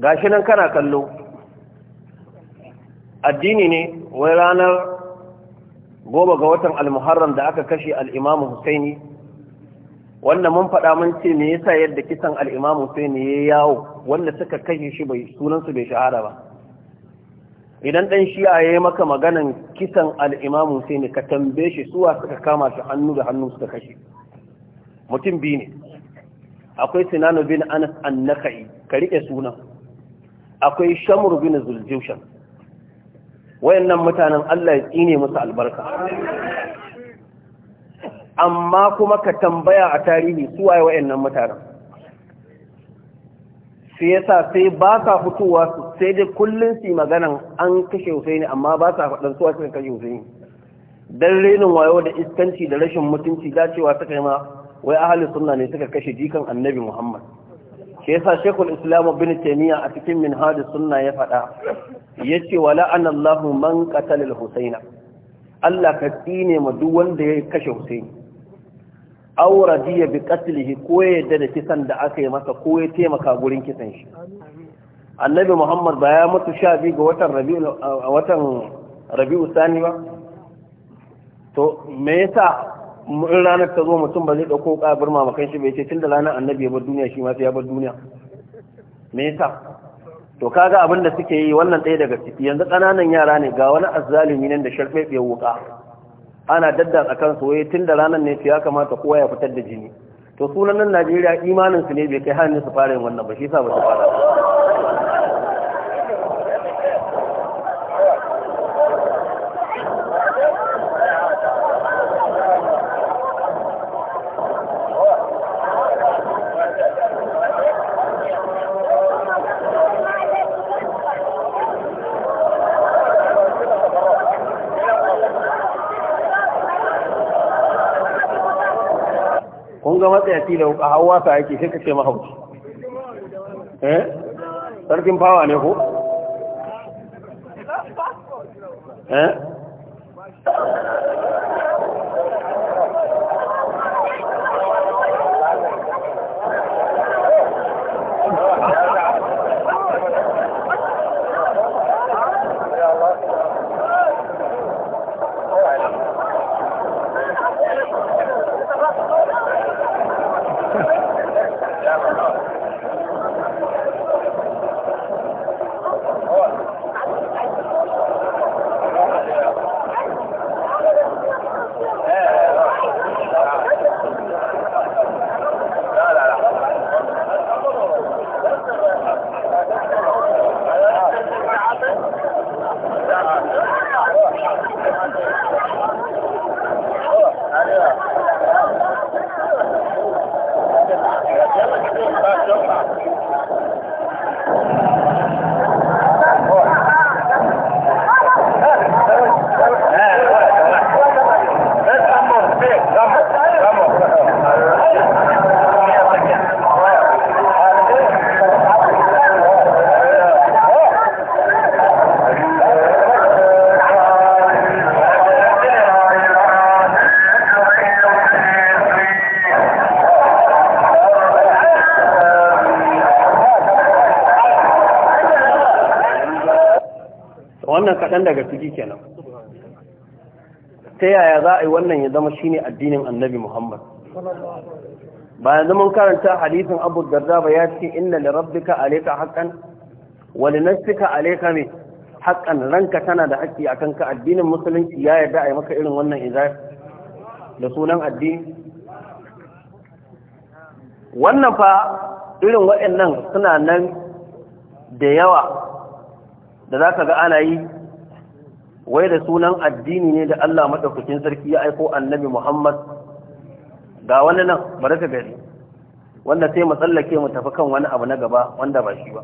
gashi nan kana kallo addini ne wai ranar goma ga watan almuharram da aka kashe al'imamu husaini wannan mun faɗa mun ce me yasa yadda kisan al'imamu husaini ya yawo wanda suka kashe shi bai sunansu bai shahara ba idan ɗan shi'a ya yi maka maganan kisan al'imamu husaini ka tambaye shi suwa suka kama shi hannu da hannu suka kashe mutum biyu ne akwai sinanu bin anas an naka'i ka riƙe sunan akwai shamur bin zuljushan wayannan mutanen Allah ya tsine musu albarka amma kuma ka tambaya a tarihi su waye wayannan mutanen sai yasa sai ba ka fitowa sai dai kullun su maganan an kashe Husaini amma ba sa fadan su wace kashe Husaini dan renin wayo da iskanci da rashin mutunci cewa suka yi ma wai ahli sunna ne suka kashe jikan Annabi Muhammad Ke yasa shekul islamu bin taimiyya a cikin hadi sunna ya faɗa yace wala anallahu man qatala husaina Allah ka tsine ma duk wanda ya kashe husaini aw radiya bi qatlihi ko ya yarda da kisan da aka yi masa ko ya taimaka gurin kisan shi annabi muhammad ba ya mutu sha biyu ga watan rabi'u watan rabi'u sani ba to me yasa in ranar ta zo mutum ba zai ɗauko ƙabar mamakan shi bai ce tun da ranar annabi ya bar duniya shi ma sai ya bar duniya me yasa to kaga abin da suke yi wannan ɗaya daga ciki yanzu ƙananan yara ne ga wani azzalumi nan da sharfefe wuka ana dadda tsakan su waye tun da ranar ne ya kamata kowa ya fitar da jini to sunan nan Najeriya imanin su ne bai kai hannun su fara yin wannan ba shi yasa ba su fara ga matsayaci da wuka hawa sa yake sai ka ce mahauci eh sarkin fawa ne ko eh kaɗan daga ciki kenan ta yaya za a yi wannan ya zama shine addinin annabi muhammad ba yanzu karanta hadisin abu darda ba ya ce inna li rabbika alayka haqqan wa li nafsika alayka mi haqqan ranka tana da haƙƙi akan ka addinin musulunci ya yarda a yi maka irin wannan izar da sunan addini wannan fa irin waɗannan suna nan da yawa da za ka ga ana yi wai da sunan addini ne da Allah madaukakin sarki ya aiko annabi Muhammad ga wani nan bari ka gari wanda sai mu tsallake mu tafi kan wani abu na gaba wanda ba shi ba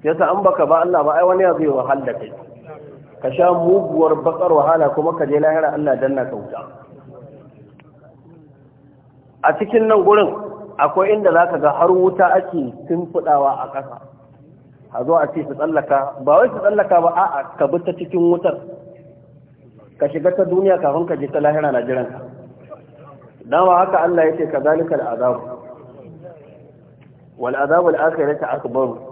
yasa an baka ba Allah ba ai wani ya zai wahala kai ka sha muguwar bakar wahala kuma ka je lahira Allah danna kauta a cikin nan gurin akwai inda zaka ga har wuta ake tumfudawa a ƙasa a zo a ce su tsallaka ba wai su tsallaka ba a'a ka bi ta cikin wutar ka shiga ta duniya kafin ka je ta lahira na jiran ka dama haka Allah yake kazalika al-azab wal azab al-akhirati akbaru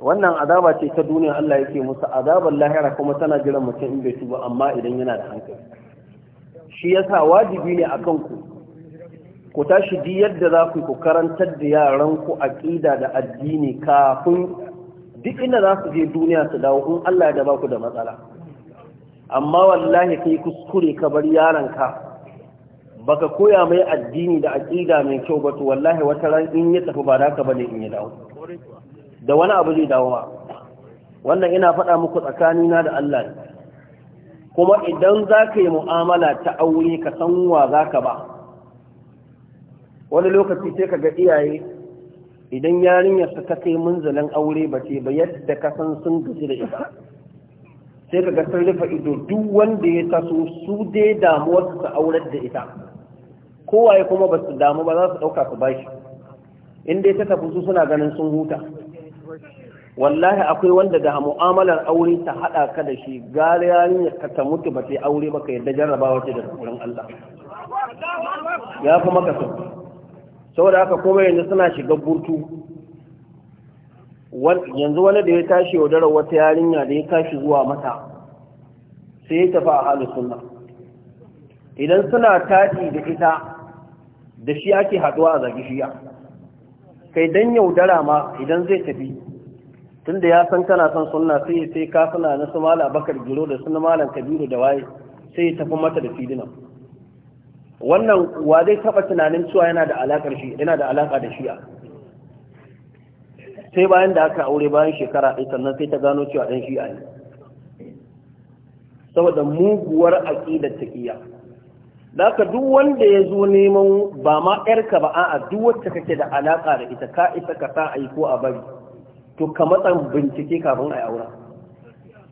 wannan azaba ce ta duniya Allah yake musu azabar lahira kuma tana jiran mutum in bai tuba amma idan yana da hankali shi yasa wajibi ne akan ku ku tashi di yadda za ku da yaran ku aqida da addini kafin duk inda za su je duniya su dawo in Allah ya da baku da matsala amma wallahi kai kuskure ka bar yaran ka baka koya mai addini da aƙida mai kyau ba to wallahi wata ran in ya tafi ba da ka bane in ya dawo da wani abu zai dawo ba. wannan ina faɗa muku tsakanina da Allah kuma idan za ka yi mu'amala ta aure ka san wa za ka ba wani lokaci sai ka ga iyaye idan yarinyarsa ta kai munzalin aure ba ce ba yadda ka san sun gaji da ita sai ka ga sun rufe ido duk wanda ya taso su dai su ta aurar da ita kowaye kuma ba su damu ba za su ɗauka su bashi in dai ta tafi su suna ganin sun huta wallahi akwai wanda da mu'amalar aure ta haɗa ka da shi gari ka ta mutu ba sai aure ba ka yadda jarrabawa wace da wurin Allah ya fi maka so saboda haka kuma yanzu suna shiga burtu yanzu wani da ya tashi yaudarar wata yarinya da ya tashi zuwa mata sai ya tafi a halin sunna idan suna taɗi da ita da shi ake haɗuwa a zagi shiya kai dan yaudara ma idan zai tafi tunda ya san kana son sunna sai sai ka suna na su malam bakar giro da sunna malam kabiru da waye sai ya tafi mata da fidina wannan wa zai taba tunanin cewa yana da alakar shi yana da alaka da shi'a sai bayan da aka aure bayan shekara ɗaya sannan sai ta gano cewa ɗan shi'a ne saboda muguwar aƙidar taƙiyya ka duk wanda ya zo neman ba ma ‘yarka ba a duk wacce kake da alaƙa da ita ka isa ka sa a yi ko a bari, to ka matsan bincike kafin a yi aura.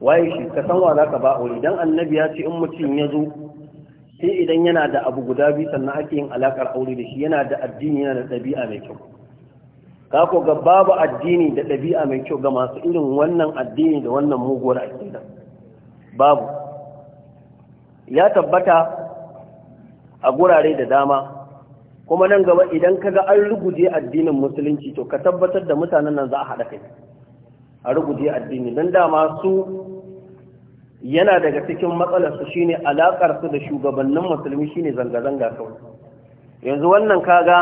Waye shi ka san wa za ka ba aure, don annabi ya ce in mutum ya zo sai idan yana da abu guda biyu sannan ake yin alakar aure da shi yana da addini yana da ɗabi'a mai kyau ka ko ga babu addini da ɗabi'a mai kyau ga masu irin wannan addini da wannan muguwar aƙida babu ya tabbata a gurare da dama kuma nan gaba idan kaga an ruguje addinin musulunci to ka tabbatar da mutanen nan za a haɗa kai a ruguje addini don dama su yana daga cikin matsalarsu shine su da shugabannin musulmi shine zanga-zanga kawai yanzu wannan kaga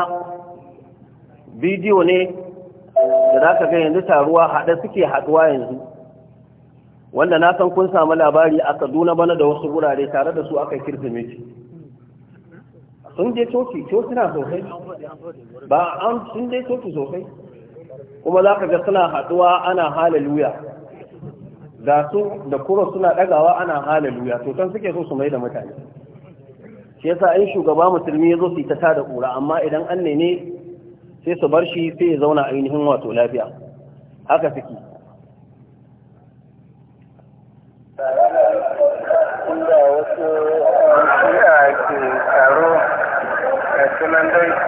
bidiyo ne da za ka ga yanzu taruwa haɗe suke haɗuwa yanzu wanda na san kun samu labari a kaduna bana da wasu wurare tare da su aka kirsimeti sun je coci coci na sosai ba an sun je coci sosai kuma za ka ga suna haɗuwa ana haleluya ga su da kura suna ɗagawa ana haleluya to can suke so su mai da mutane shi yasa ai shugaba musulmi ya zo su ta tada kura amma idan an ne sai su bar shi sai ya zauna ainihin wato lafiya haka suke yanzu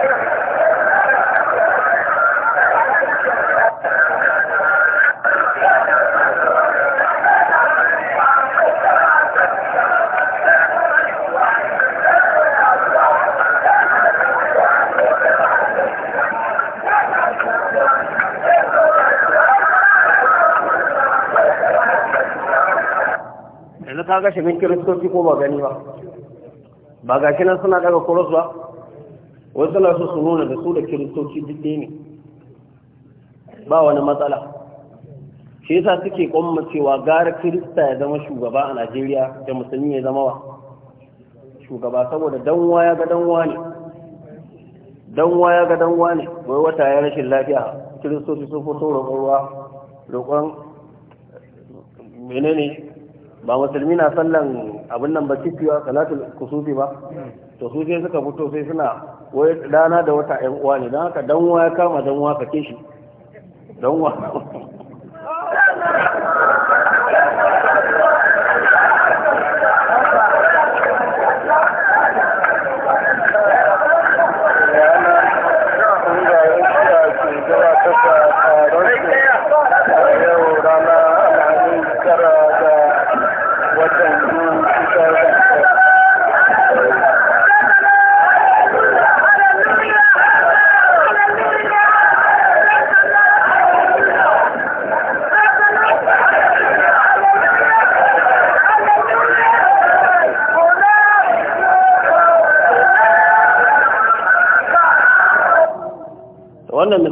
ka ga shigan kiristoci ko ba gani ba ba ga shi nan suna daga kuros ba wasu na so su nuna da su da kiristoci didde ne ba wani matsala shi yasa suke kwamma cewa gara kirista ya zama shugaba a najeriya da musulmi ya zama wa shugaba saboda danwa ya ga danwa ne danwa ya ga danwa ne wai wata ya rashin lafiya kiristoci sun fito roƙon ruwa roƙon menene ba musulmi na sallan abin nan ba kifiya salatul kusufi ba to su sai suka fito sai suna wai dana da wata yan uwa ne don haka dan ya kama dan uwa kake shi dan uwa.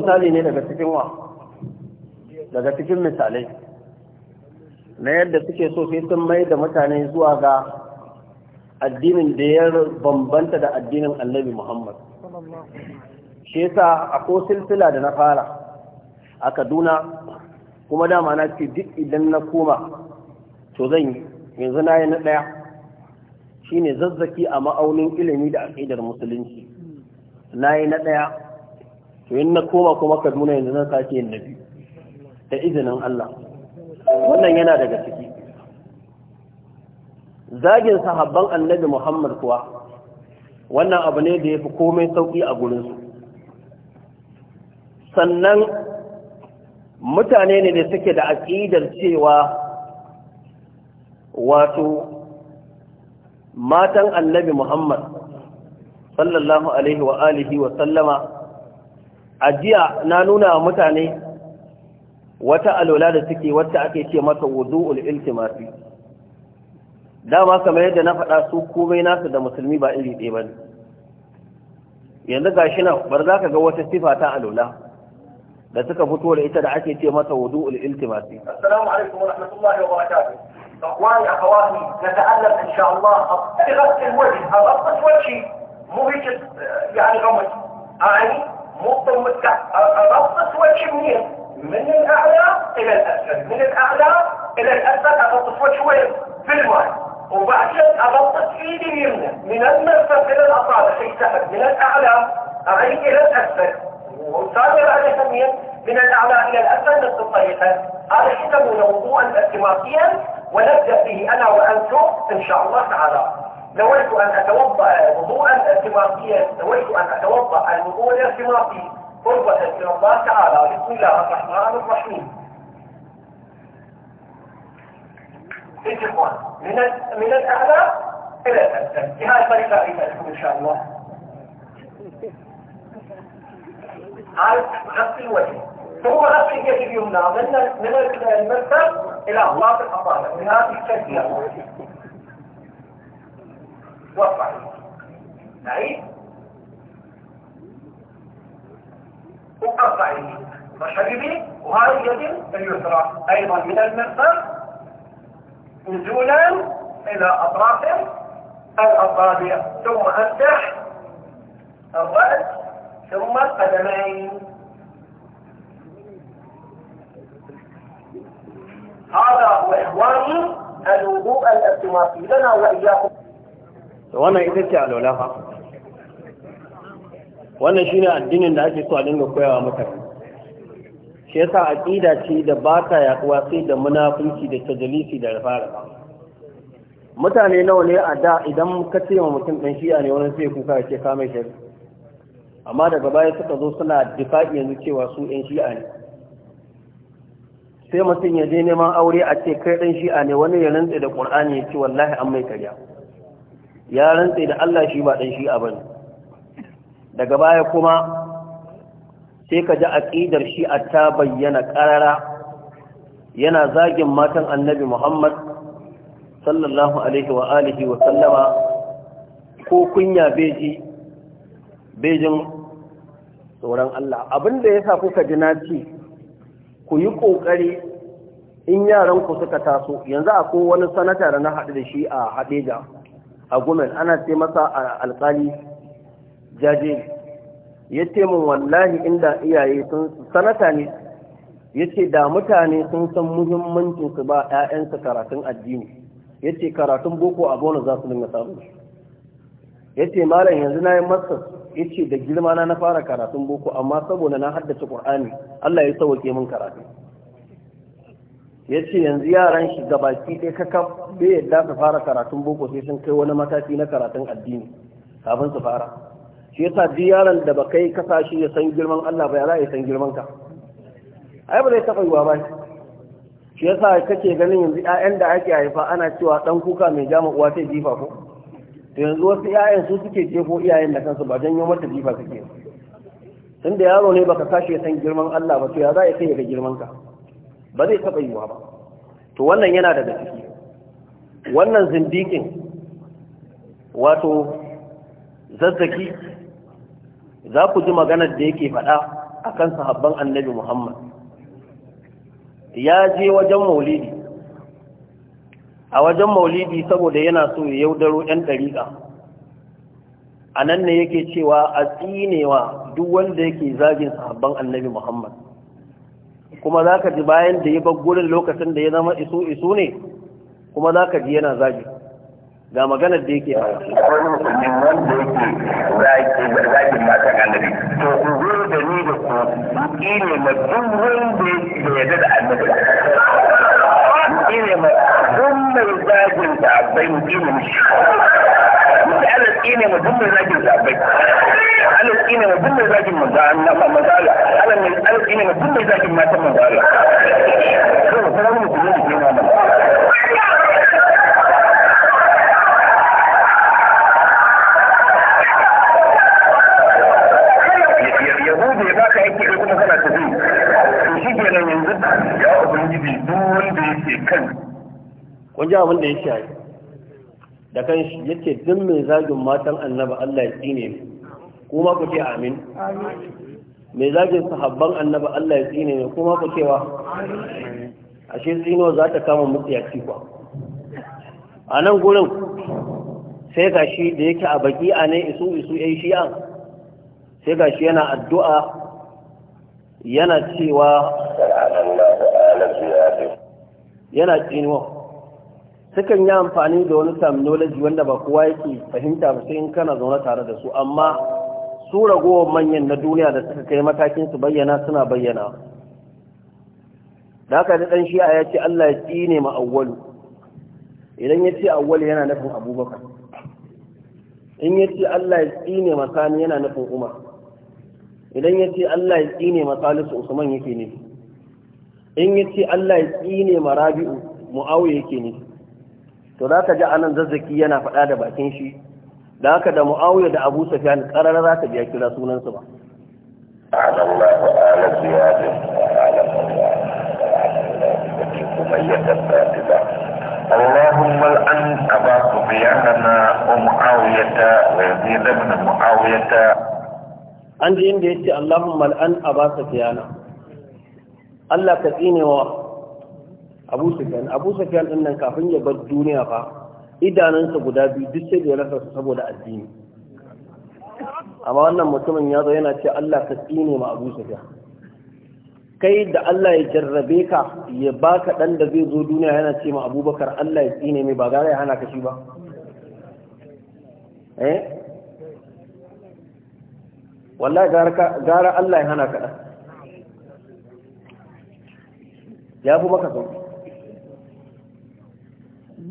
misali ne daga cikin wa daga cikin misalai na yadda suke so sai sun mai da mutane zuwa ga addinin da ya bambanta da addinin annabi Muhammad. Shi yasa a ko silsila da na fara a Kaduna kuma dama na ce duk idan na koma to zan yi yanzu na yi na ɗaya shine zazzaki a ma'aunin ilimi da aƙidar musulunci na yi na ɗaya to na koma kuma kaduna yanzu zan sake yin na biyu da izinin Allah wannan yana daga ciki zagin sahabban annabi Muhammad kuwa wannan abu ne da ya fi komai sauƙi a gurinsu sannan mutane ne da suke da aƙidar cewa wato matan annabi Muhammad sallallahu alaihi wa alihi wa sallama a jiya na nuna wa mutane wata alola da suke wata ake ce mata wudu'ul iltimasi dama kamar yadda na faɗa su komai nasu da musulmi ba iri ɗaya ba ne yanzu ga shi nan bar za ka ga wata sifa ta alola da suka fito da ita da ake ce mata wudu'ul iltimasi assalamu alaikum wa rahmatullahi wa barakatuh اخواني اخواتي نتالم ان شاء الله بغسل الوجه اغطس وجهي مو هيك يعني غمض اعني اغطس وجه منين من الاعلى الى الاسفل من الاعلى الى الاسفل اغطس وجه وين في الماء وبعدين اغطس ايدي اليمنى من المرفق الى الاصابع يسحب من الاعلى عليه الى الاسفل وصادر على ثانيا من الاعلى الى الاسفل نفس الطريقه هذا يسمونه وضوءا التماسيا ونبدا به انا وانتم ان شاء الله تعالى نويت أن أتوضأ وضوءا ارتماطيا نويت أن أتوضأ الوضوء الارتماطي قربة من الله تعالى بسم الله الرحمن الرحيم إيه من من الأعلى إلى الأسفل في هاي الطريقة أعيدها إن شاء الله عارف غسل الوجه ثم غسل اليد اليمنى من من المرفق إلى أطراف الأصابع من هذه التسمية والصحيح نعيد وقطعي مشربي وهذه اليد اليسرى ايضا من المرفق نزولا الى اطراف الاصابع ثم افتح الراس ثم القدمين هذا هو اخواني الوضوء الاسواقي لنا واياكم wannan ita ce alwalafa fa wannan shine addinin da ake so a dinga koyawa mutane shi yasa aqida ce da ba ta yaduwa sai da munafunci da tajalisi da rafa mutane nawa ne a da idan ka ce wa mutum ɗan shi'a ne wani sai kuka ya ce ka shari amma daga baya suka zo suna difa'i yanzu cewa su ɗan shi'a ne sai mutum ya je neman aure a ce kai ɗan shi'a ne wani ya rantse da ƙur'ani ya ce wallahi an mai karya ya rantse da Allah shi ba dan shi a bane daga baya kuma sai ka ji aqidar shi a ta bayyana ƙarara yana zagin matan annabi Muhammad sallallahu alaihi wa alihi wa sallama ko kunya beji bejin tsoron Allah abinda sa kuka ji naci ku yi ƙoƙari in yaran ku suka taso yanzu akwai wani sanata da na haɗu da shi a haɗeja a gumen ana ce masa alkali jaje ya ce min wallahi inda iyaye sun sanata ne ya ce da mutane sun san muhimmancin su ba 'ya'yansa karatun addini ya ce karatun boko a bonus za su dinga samu ya ce malam yanzu na yi masa ya ce da girma na na fara karatun boko amma saboda na haddace ƙur'ani allah ya sauwake min karatu ya ce yanzu yaran shi gabaki ɗaya kakaf bai yadda su fara karatun boko sai sun kai wani mataki na karatun addini kafin su fara shi yasa duk yaron da ba kai kasa shi ya san girman Allah ba ya ya san girman ka ai ba zai taɓa yiwa ba shi yasa kake ganin yanzu ƴaƴan da ake haifa ana cewa dan kuka mai jama uwa sai jifa ko to yanzu wasu ƴaƴan su suke jefo iyayen da kansu ba janyo mata jifa suke tunda yaro ne baka kashi ya san girman Allah ba to ya za ya kai ga girman ka ba zai taɓa yiwa ba to wannan yana daga ciki wannan zindikin wato zazzaki za ku ji maganar da yake faɗa a kan sahabban annabi Muhammad ya je wajen maulidi a wajen maulidi saboda yana so ya yaudaro 'yan ɗariƙa a nan ne yake cewa a tsinewa duk wanda yake zagin sahabban annabi Muhammad kuma za ka ji bayan da ya bar gurin lokacin da ya zama iso iso ne kuma za ka ji yana zagi ga maganar da yake fara. Wani musulmin wanda yake zagi matan annabi. To ku zo da ni da ku ni ne ma duk wanda ya yarda da annabi. Ni ne ma duk mai zagin da abai mu ne mishi. Mutu Allah ne ma duk mai zagin da abai. ne ma duk mai zagin ne ma duk mai zagin ke kenan yanzu ya ubangiji duk wanda yake kan kun ji abin da ya yi? da kan shi yace duk mai zagin matan annaba Allah ya tsine kuma ku ce amin mai zagin sahabban annaba Allah ya tsine ne kuma ku cewa A shi tsino za ta kama ci kwa a nan gurin sai ga shi da yake a baki a ne isu isu shi an? sai ga shi yana addu'a yana cewa yana cewa sukan yi amfani da wani terminology wanda ba kowa yake fahimta ba sai in kana zaune tare da su amma su ragowar manyan na duniya da suka kai matakin su bayyana suna bayyana da haka da dan shi'a ya ce Allah ya tsine ma ma'awwalu idan ya ce awwalu yana nufin abubakar in ya ce Allah ya tsine ma sani yana nufin umar idan ya ce Allah ya tsine Salisu Usman yake ne in ya ce Allah ya tsine marabi'u mu'awu yake ne to za ka ji anan zazzaki yana faɗa da bakin shi da haka da mu'awu da abu sufyan karara za ka biya kira sunansu ba اللهم الآن أبا سفياننا ومعاوية ويزيد بن معاوية an ji inda mal’an Allahumma ba Aba fiyana. Allah ka tsinewa Abu Sufyan Abu Sufyan ɗin nan kafin ya bar duniya fa idanunsa guda biyu duk sai da rasa saboda addini amma wannan mutumin ya zo yana ce Allah ka tsine ma Abu Sufyan kai da Allah ya jarrabe ka ya baka ɗan da zai zo duniya yana ce ma Abubakar Allah ya tsine mai ba gara ya hana ka shi ba eh wallahi gara Allah ya hana kaɗa ya fi maka sauki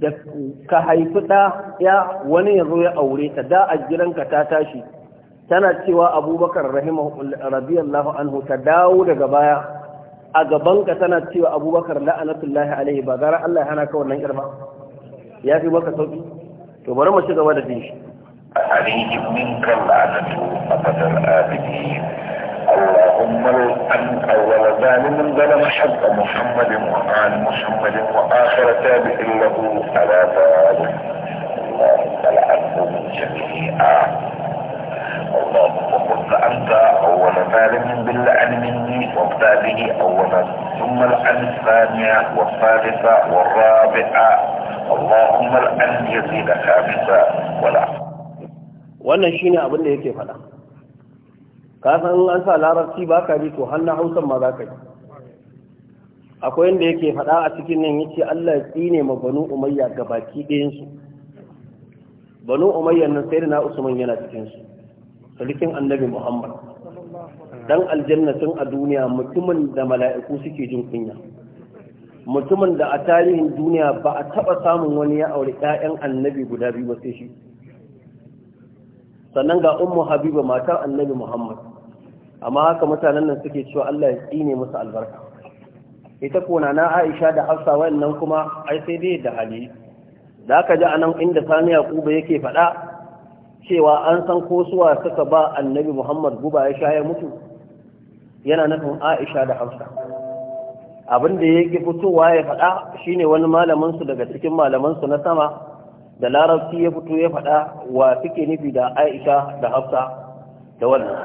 da ka haifi ɗa ya wani ya zo ya aure ta da a gidanka ta tashi tana cewa abubakar radiyallahu anhu ta dawo daga baya a gabanka tana cewa abubakar la'anatullahi alaihi ba gara Allah ya hana ka wannan irma ya fi maka sauki to bari mu ci gaba da bin shi عليهم منك اللعنة أبد الآبدين اللهم أنت أول ظالم ظلم حق محمد وآل محمد وآخر تابع له على ظالم اللهم من جميعا اللهم كنت أنت أول ظالم باللعن مني وابدأ به أولا ثم العن الثانية والثالثة والرابعة اللهم الآن يزيد خامسا ولا wannan shine abin da yake faɗa Kasan san an sa larabci ba ka ji to hannun hausan ma za ka yi. akwai yadda yake faɗa a cikin nan ce Allah ya tsine ma banu umayya ga baki ɗayansu banu umayya nan sai na usman yana cikinsu su sarkin annabi muhammad dan aljannatin a duniya mutumin da mala'iku suke jin kunya mutumin da a tarihin duniya ba a taɓa samun wani ya aure 'ya'yan annabi guda biyu ba sai shi sannan ga ummu habiba matar annabi muhammad amma haka mutanen nan suke cewa Allah ya tsine musu albarka ita kona na Aisha da Hafsa wannan kuma ai sai dai da hali da aka ji anan inda Sani Yakuba yake faɗa cewa an san ko suwa suka ba Annabi Muhammad guba ya sha ya mutu yana nufin Aisha da Hafsa abin da yake fitowa ya faɗa shine wani malamin su daga cikin malaman su na sama da larabci ya fito ya faɗa wa suke nufi da aisha da hafsa da wannan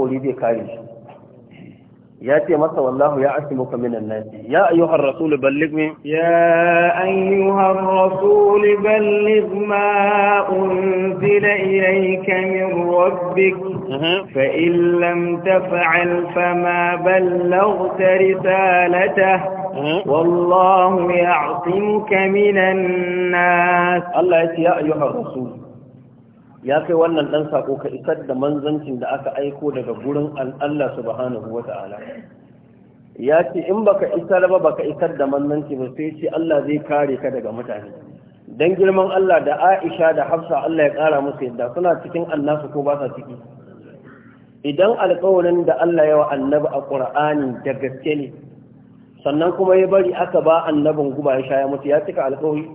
alƙawari zai kare shi ya ce masa wallahu ya asi muka minan nasi ya ayyuhar rasul balligh min ya ayyuhar rasul balligh ma unzila ilayka min rabbik fa in lam taf'al fama ballaghta risalatahu والله يعصمك من الناس الله يا أيها الرسول ya kai wannan dan sako ka isar da manzancin da aka aiko daga gurin Allah subhanahu wata'ala ya ce in baka isar ba baka isar da manzanci ba sai ce Allah zai kare ka daga mutane dan girman Allah da Aisha da Hafsa Allah ya kara musu yadda suna cikin annasu ko ba sa ciki idan alƙawarin da Allah ya wa annabi a Qur'ani da gaske ne sannan kuma ya bari aka ba annabin guba ya sha ya mutu ya cika alƙawari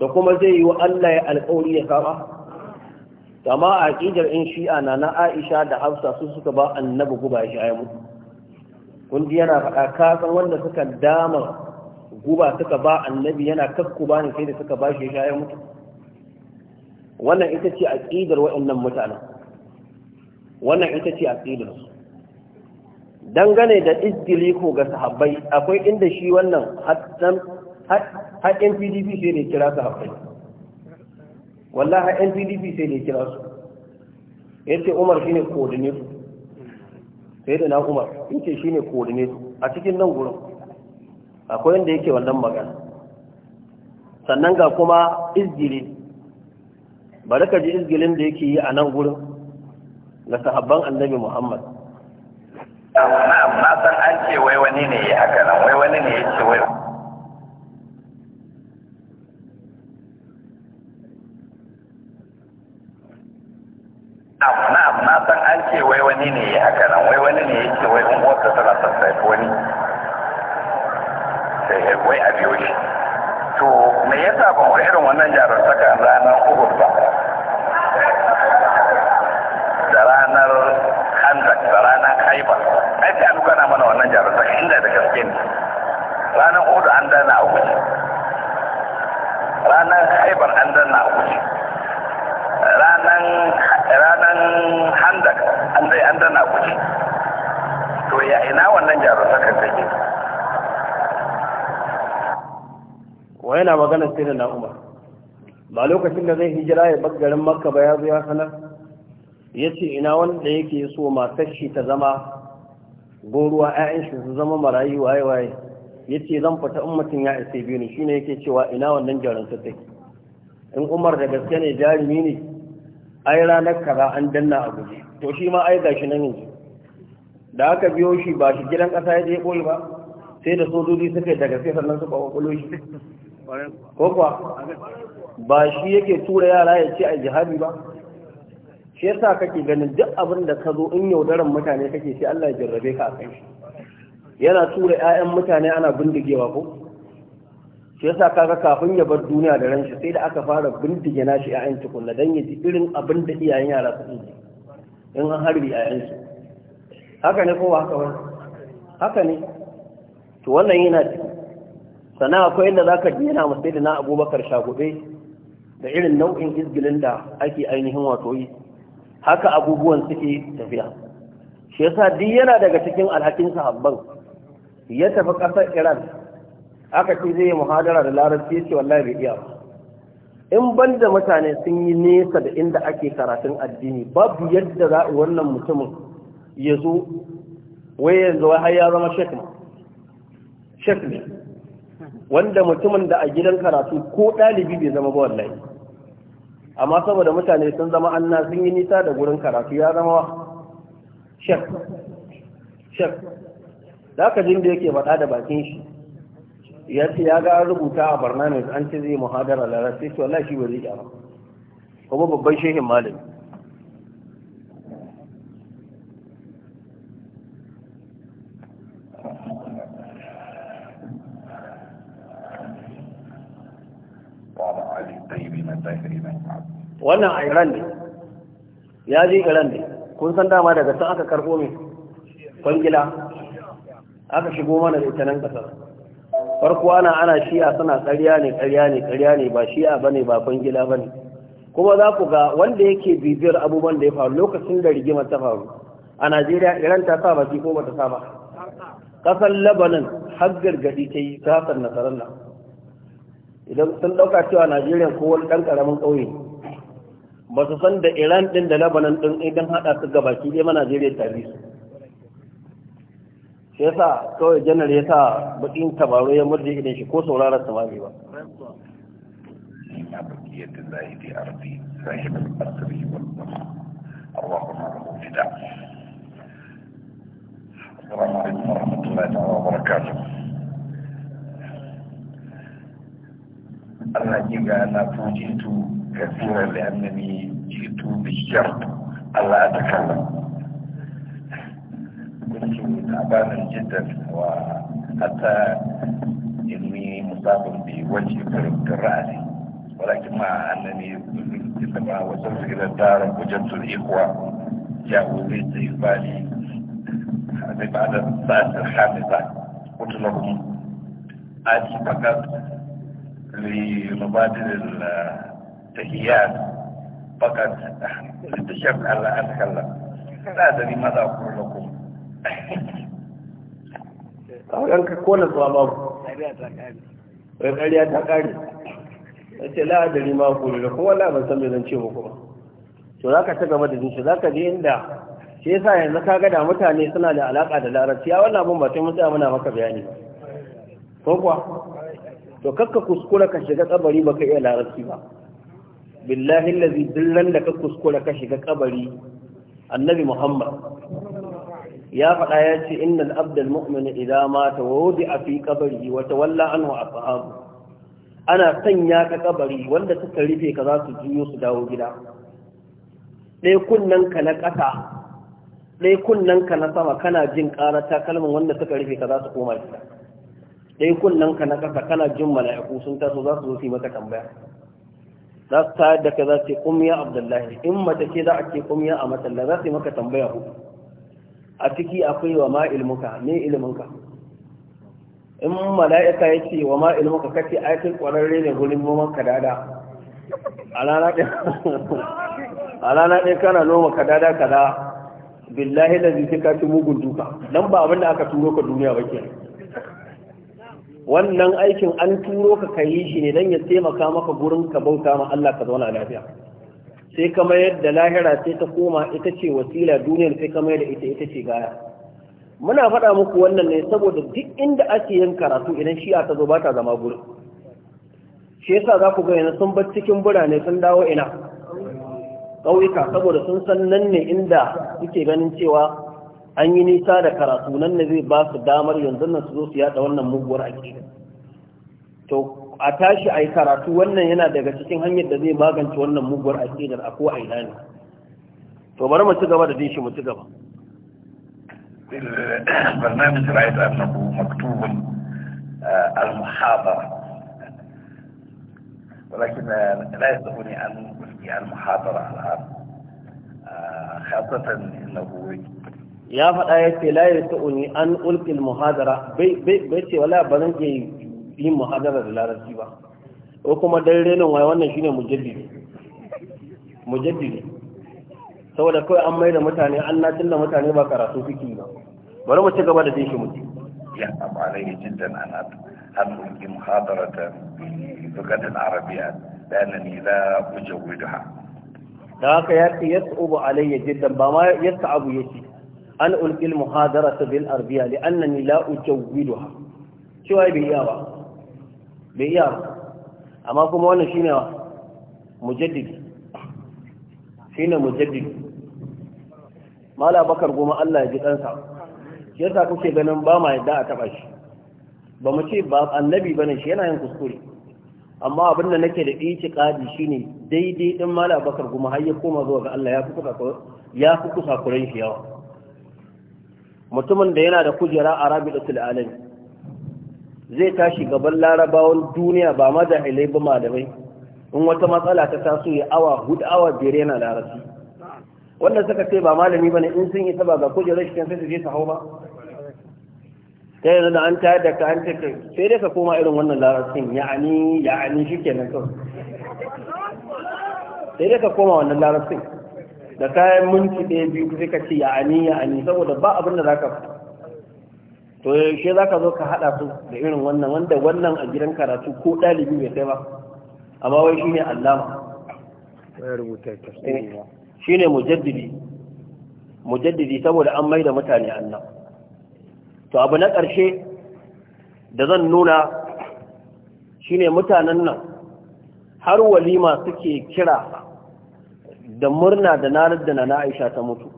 da kuma zai yi wa Allah ya alƙawari ya kama amma a ƙidar in shi'a na na Aisha da Hafsa su suka ba annabi guba shi ayi mutu Kundi yana faɗa kasan san wanda suka dama guba suka ba annabi yana kakku ba ne sai da suka ba shi a ayi mutu wannan ita ce a ƙidar waɗannan mutanen wannan ita ce a su dangane da ko ga sahabbai akwai inda shi wannan haɗin pdp sai ne kira sahabbai wallaha yan sai da ya kira su ya ce umar shine coordinator sai da na umar ya ce shine coordinator a cikin nan gurin akwai yadda yake wannan magana sannan ga kuma izgili bari ka ji izgilin da yake yi a nan gurin ga sahabban annabi muhammad na san an ce wai wani ne ya haka nan wai wani ne ya ce wai wani ne ya haka nan wai wani ne ya ce wai unguwarsa tana ya wani sai wai a biyo shi to me yasa ban wa irin wannan saka ranar uhud ba da ranar hanzak da ranar haiba ai sai an na mana wannan saka inda da gaske ne ranar uhud an dana a wuce ranar haibar an dana a wuce ya ina wannan jarumtakar take wa yana magana sai da na umar ba lokacin da zai hijira ya garin makka ba ya zo ya sanar ya ce ina wanda yake so matar shi ta zama goruwa 'ya'yan shi su zama marayu waye waye ya ce zan fita in mutum ya isa biyu ne shine yake cewa ina wannan jarumta take in umar da gaske ne jarumi ne ai ranar kaza an danna a guje to shi ma ai gashi nan yanzu da aka biyo shi ba shi gidan ƙasa ya je ɓoye ba sai da sojoji suka yi daga sai sannan suka kwakwalo shi ko kuwa ba shi yake tura yara ya ce a jihadi ba shi yasa kake ganin duk abin da ka zo in yaudaran mutane kake sai Allah ya jarrabe ka a kai shi yana tura ƴaƴan mutane ana bindigewa ko shi yasa kaga kafin ya bar duniya da ranshi sai da aka fara bindige nashi ƴaƴan tukunna dan ya ji irin abin da iyayen yara suke in an harbi ƴaƴansu haka ne ko haka wani haka ne to wannan yana ci akwai inda za ka ji masai da na abubakar shagube da irin nau'in izgilin da ake ainihin wato yi haka abubuwan suke tafiya shi yasa duk yana daga cikin alhakin sahabban ya tafi ƙasar iran aka ce zai yi muhadara da larabci ce wallahi bai iya in banda mutane sun yi nesa da inda ake karatun addini babu yadda za a wannan mutumin ya zo wai yanzu wai har ya zama Shek shekma wanda mutumin da a gidan karatu ko ɗalibi bai zama ba wallahi amma saboda mutane sun zama anna sun yi nisa da gurin karatu ya zama shek shek da aka jin da yake faɗa da bakin shi ya ce ya ga rubuta a barnamis an ce zai muhadara lara sai wallahi shi bai zai ba kuma babban shehin malami wannan a iran ne ya je iran ne kun san dama daga sun aka karbo mai kwangila aka shigo mana da ita nan ƙasar farko ana ana shi'a suna karya ne karya ne karya ne ba shi'a ba ne ba kwangila ba ne kuma za ku ga wanda yake bibiyar abubuwan da ya faru lokacin da rigimar ta faru a najeriya iran ta sa baki ko bata sa ba ƙasar labanin har gargaɗi ta yi nasarar nan idan sun ɗauka cewa najeriya ko wani ɗan ƙaramin ƙauye ba su san da iran din da labanan din idan hada su gaba ki dai mana jere tare su shi yasa kawai janar ya sa bakin tabaro ya murje idan shi ko saurara su samari ba Allah ji ga na fujitu كثيرا لأنني جئت بالشرط ألا أتكلم كنت تعبانا جدا وحتى إني مصاب بوجه كرأسي ولكن مع أنني عندما وصلت إلى الدار وجدت الإخوة جاءوا لاستقبالي بعد الساعة الخامسة قلت لهم آتي فقط لنبادل tahiyyat fakat tashaf Allah an kalla da ni maza ku lakum kawai ka kona zuwa babu wai ƙarya ta ƙare ya ce la ni ma ku lakum wala ban san me zan ce muku ba to za ka ta gaba da jinshi za ka je inda shi yasa yanzu ka ga da mutane suna da alaka da larabci ya wannan abin ba sai mun tsaya muna maka bayani ba ko kuwa to kakka kuskura ka shiga tsabari baka iya larabci ba billahi allazi dillan da ka kuskura ka shiga kabari annabi muhammad ya faɗa ya ce innal abdal mu'min idan mata wa wudi a fi kabari wa tawalla anhu ashabu ana sanya ka kabari wanda suka rufe ka za su juyo su dawo gida ɗaya kunnen ka na ƙasa ɗaya kunnen ka na sama kana jin ƙara takalmin wanda suka rufe ka za su koma gida ɗaya kunnen ka na ƙasa kana jin mala'iku sun taso za su zo su yi maka tambaya za su tayar da ka za su ce kumya abdullahi in mace ce za a ce kumya a matsala za su yi maka tambaya ku a ciki akwai wa ma ilmuka ne ilminka in mala'ika ya ce wa ma ilmuka kace ai kai kwararre ne gurin noman kadada a rana ɗaya kana noma kadada kada billahi da zai ka ci mugun duka dan ba abin da aka turo ka duniya ba kenan wannan aikin an turo ka kayi shi ne don ya taimaka maka gurin ka bauta ma Allah ka zauna lafiya sai kamar yadda lahira sai ta koma ita ce wasila duniyar sai kamar yadda ita ita ce gaya muna faɗa muku wannan ne saboda duk inda ake yin karatu idan shi'a ta zo ba ta zama gurin shi yasa za ku ga yanzu sun bar cikin birane sun dawo ina ƙauyuka saboda sun san nan ne inda kuke ganin cewa an yi nisa da karatu nan ne zai ba su damar yanzu nan su zo su yada wannan muguwar aƙida to a tashi a yi karatu wannan yana daga cikin hanyar da zai magance wannan muguwar aƙidar a ko a ina ne to bari mu ci gaba da dishi mu ci gaba برنامج رأيت أنه مكتوب المحاضرة ولكن لا يسعني أن ألقي المحاضرة الآن خاصة أنه ya faɗa ya ce laye uni an ulkil muhadara bai ce wala ba zan ke yi muhadara da larabci ba ko kuma dan renon waye wannan shine mujaddidi mujaddidi saboda kawai an mai da mutane an na da mutane ba karatu fiki ba bari mu ci gaba da jin shi ci. ya saba alaihi jiddan ana an ulki muhadarata ta lugatin arabiya da annani la ujawwidaha da haka ya ce yas'ubu alayya jiddan ba ma ya yake an ulqi muhadara muhadarata bil arbiya li'annani la ujawwiduha cewa bai iya ba bai iya ba amma kuma wannan shine mujaddidi shine mujaddidi mala bakar goma Allah ya ji kansa yasa kuke ganin ba ma yadda a taba shi ba mu ce ba annabi bane shi yana yin kuskure amma abin da nake da itiqadi shine daidai din mala bakar goma har ya koma zuwa ga Allah ya fi kusa ya fi kusa kuren shi yawa mutumin da yana da kujera a rabidatul alam zai tashi gaban larabawan duniya ba ma jahilai ba malamai in wata matsala ta taso ya awa hudu awa biyar yana larabci wanda suka ce ba malami bane in sun yi saba ga kujerar shi kan sai su je su hau ba ta yanzu da an tayar da ka an sai dai ka koma irin wannan larabcin ya'ani ya'ani shikenan kawai sai dai ka koma wannan larabcin da kayan minti ɗaya biyu sai ka ce ya'ani ya'ani saboda ba abin da za ka to yaushe za ka zo ka haɗa su da irin wannan wanda wannan a gidan karatu ko ɗalibi mai sai ba amma wai shine allama eh, shine mujaddidi mujaddidi saboda an mai da mutane Allah to abu na ƙarshe da zan nuna shine mutanen nan har walima suke kira da murna da nanar da na aisha ta mutu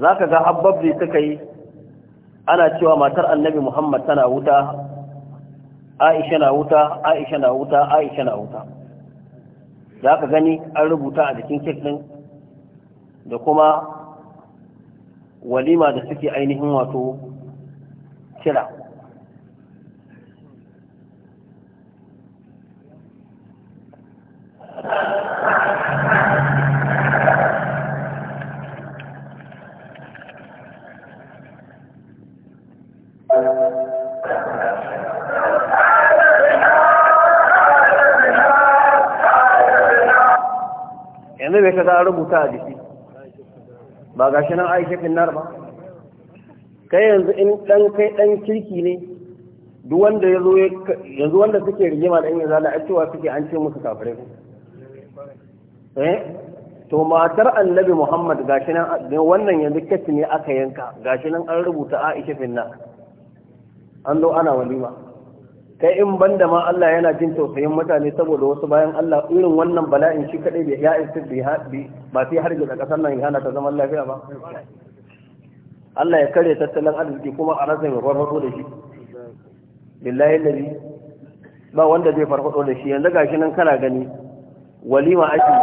za ka ga habbabri suka yi ana cewa matar annabi muhammad tana wuta aisha na wuta aisha na wuta aisha na wuta za ka gani an rubuta a jikin kek ɗin da kuma walima da suke ainihin wato kira mai kaga an rubuta a jiki ba ga shi nan aisha nar ba kai yanzu in ɗan kai ɗan kirki ne duk wanda ya zo yanzu wanda suke rigima da yanzu ala a cewa suke an ce musu kafirai eh to matar annabi muhammad shi nan wannan yanzu kacce ne aka yanka shi nan an rubuta aisha finnar an zo ana walima kai in banda ma Allah yana jin tausayin mutane saboda wasu bayan Allah irin wannan bala'in shi kadai bai ya isa bi ba sai har da kasar nan yana ta zaman lafiya ba Allah ya kare tattalin arziki kuma a rasa mai farfado da shi lillahi ladi ba wanda zai farfado da shi yanzu gashi nan kana gani walima ake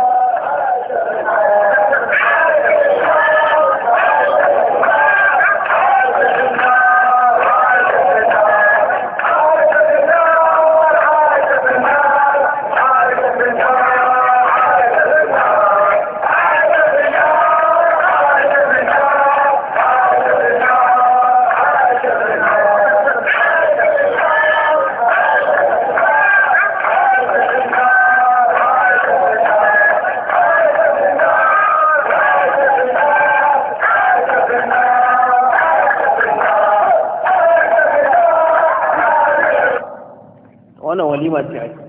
ganima ce ake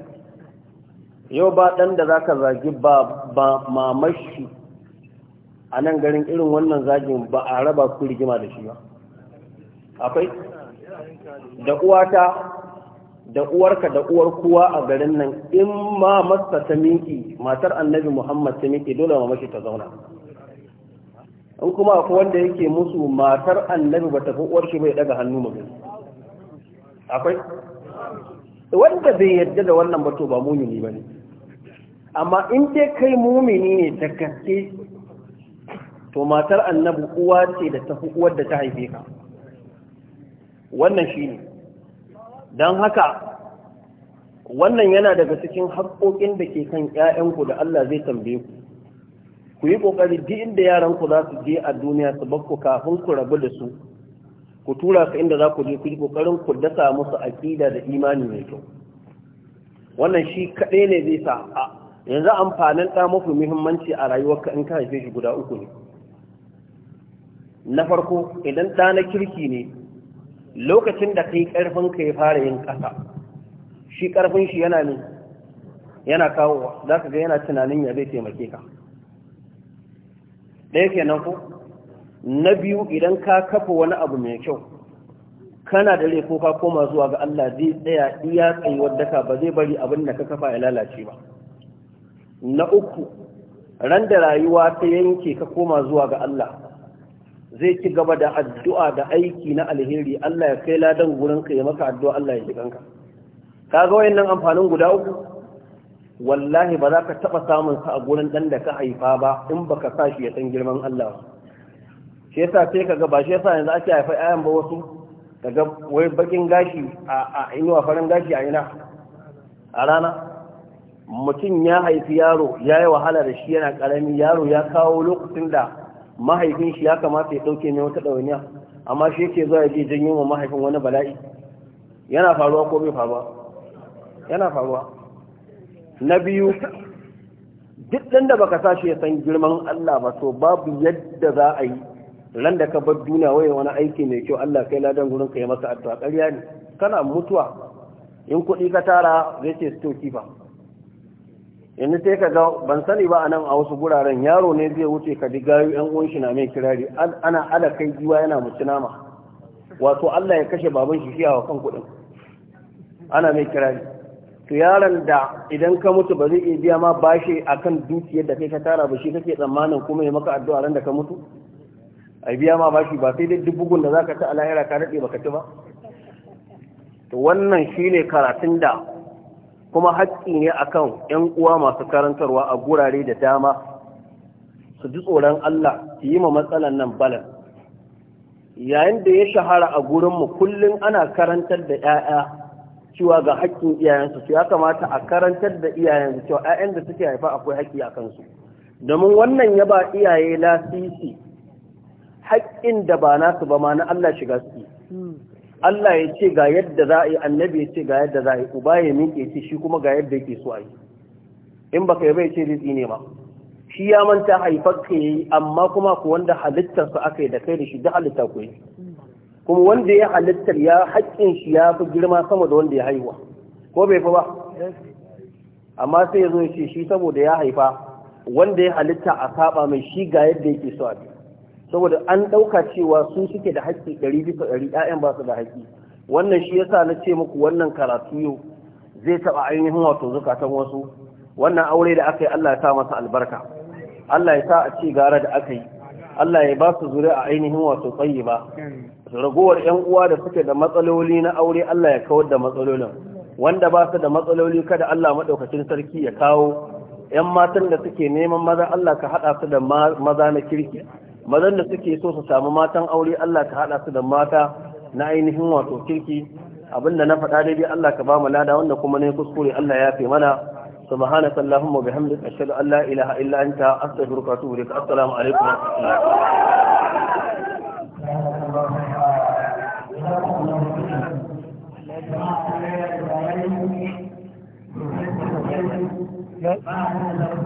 yau ba ɗan da za ka zagi ba mamashi a nan garin irin wannan zagin ba a raba ku rigima da shi ba akwai da uwata da uwarka da uwar kuwa a garin nan in ma masa ta miki matar annabi muhammad ta miki dole ma mashi ta zauna in kuma akwai wanda yake musu matar annabi ba ta fi uwar shi bai daga hannu mabi akwai wanda bai yarda da wannan ba to ba mumini ba ne amma in dai kai mumini ne da gaske to matar annabi uwa ce da ta uwar da ta haife ka wannan shi ne don haka wannan yana daga cikin haƙoƙin da ke kan 'ya'yanku da Allah zai tambaye ku ku yi ƙoƙari duk inda yaranku za su je a duniya su bakku kafin ku rabu da su ku tura ka inda za ku je ku yi kokarin ku dasa musu aƙida da imani mai kyau wannan shi kaɗai ne zai sa a yanzu amfanin ɗa mafi muhimmanci a rayuwar ka in ka haife shi guda uku ne na farko idan ɗa na kirki ne lokacin da kai ƙarfin ka ya fara yin ƙasa shi ƙarfin shi yana ne yana kawowa za ka ga yana tunanin ya zai taimake ka ɗaya kenan ko na biyu idan ka kafa wani abu mai kyau kana da rai ko ka koma zuwa ga Allah zai tsaya iya tsayuwar daka ba zai bari abin da ka kafa ya lalace ba na uku ran da rayuwa ta yanke ka koma zuwa ga Allah zai ci gaba da addu'a da aiki na alheri Allah ya kai ladan gurin ka ya maka addu'a Allah ya jikan ka ga wayannan amfanin guda uku wallahi ba za ka taba samun sa a gurin dan da ka haifa ba in baka sa shi ya san girman Allah ba shi yasa sai kaga ba shi yasa yanzu ake haifa ayan ba wasu kaga wai bakin gashi a inuwa farin gashi a ina a rana mutum ya haifi yaro ya yi wahala da shi yana karami yaro ya kawo lokacin da mahaifin shi ya kamata ya dauke ne wata ɗawainiya amma shi yake zuwa je janyo wa mahaifin wani bala'i yana faruwa ko bai faruwa yana faruwa na biyu duk ɗan da baka sa shi ya san girman Allah ba to babu yadda za a yi ran ka bar duniya waye wani aiki mai kyau Allah kai ladan gurin ka yi masa addu'a ƙarya ne kana mutuwa in kuɗi ka tara zai ce sto kifa yanzu sai ka ga ban sani ba anan a wasu guraren yaro ne zai wuce ka ji gayu yan uwan shi na mai kirari ana ala kai jiwa yana mutu nama wato Allah ya kashe baban shi shi a kan kuɗin ana mai kirari to yaron da idan ka mutu ba zai iya biya ma bashi akan dukiyar da kai ka tara ba shi kake tsammanin kuma ya maka addu'a randa da ka mutu a biya ma bashi ba sai dai bugun da zaka ci a lahira ka daɗe baka ci ba to wannan shine karatun da kuma haƙƙi ne akan ƴan uwa masu karantarwa a gurare da dama su ji tsoron Allah su yi ma matsalan nan balan yayin da ya shahara a gurinmu kullum ana karantar da 'ya'ya cewa ga haƙƙin iyayensu su ya kamata a karantar da iyayensu cewa 'ya'yan da suke haifa akwai haƙƙi a kansu domin wannan ya ba iyaye lasisi haƙƙin da ba nasu ba ma na Allah shiga suke Allah ya ce ga yadda za a yi annabi ya ce ga yadda za a yi uba ya miƙe ce shi kuma ga yadda yake so a yi in baka yi bai ce zai tsine ma shi ya manta haifar ka yi amma kuma ku wanda halittarsa aka yi da kai da shi da halitta ku yi kuma wanda ya halittar ya haƙƙin shi ya fi girma sama da wanda ya haihuwa ko bai fi ba amma sai ya zo ya ce shi saboda ya haifa wanda ya halitta a saba mai shi ga yadda yake so a saboda an ɗauka cewa sun suke da haƙƙi ɗari bisa ɗari ƴaƴan ba su da haƙƙi wannan shi yasa na ce muku wannan karatu yau zai taɓa ainihin wato zukatan wasu wannan aure da aka yi Allah ya sa masa albarka Allah ya sa a ci gara da aka yi Allah ya ba su zuri a ainihin wato tsayi ba ragowar ƴan uwa da suke da matsaloli na aure Allah ya kawar da matsalolin wanda ba su da matsaloli kada Allah maɗaukacin sarki ya kawo ƴan matan da suke neman maza Allah ka haɗa su da maza na kirki mazan da suke so su samu matan aure Allah ka haɗa su da mata na ainihin wato kirki abinda na faɗa daidai Allah ka ba mu lada wanda kuma ne kuskure Allah ya fi mana subhanaka allahumma bihamdika ashhadu an la ilaha illa anta astaghfiruka wa atubu ilaik assalamu alaikum wa rahmatullahi wa barakatuh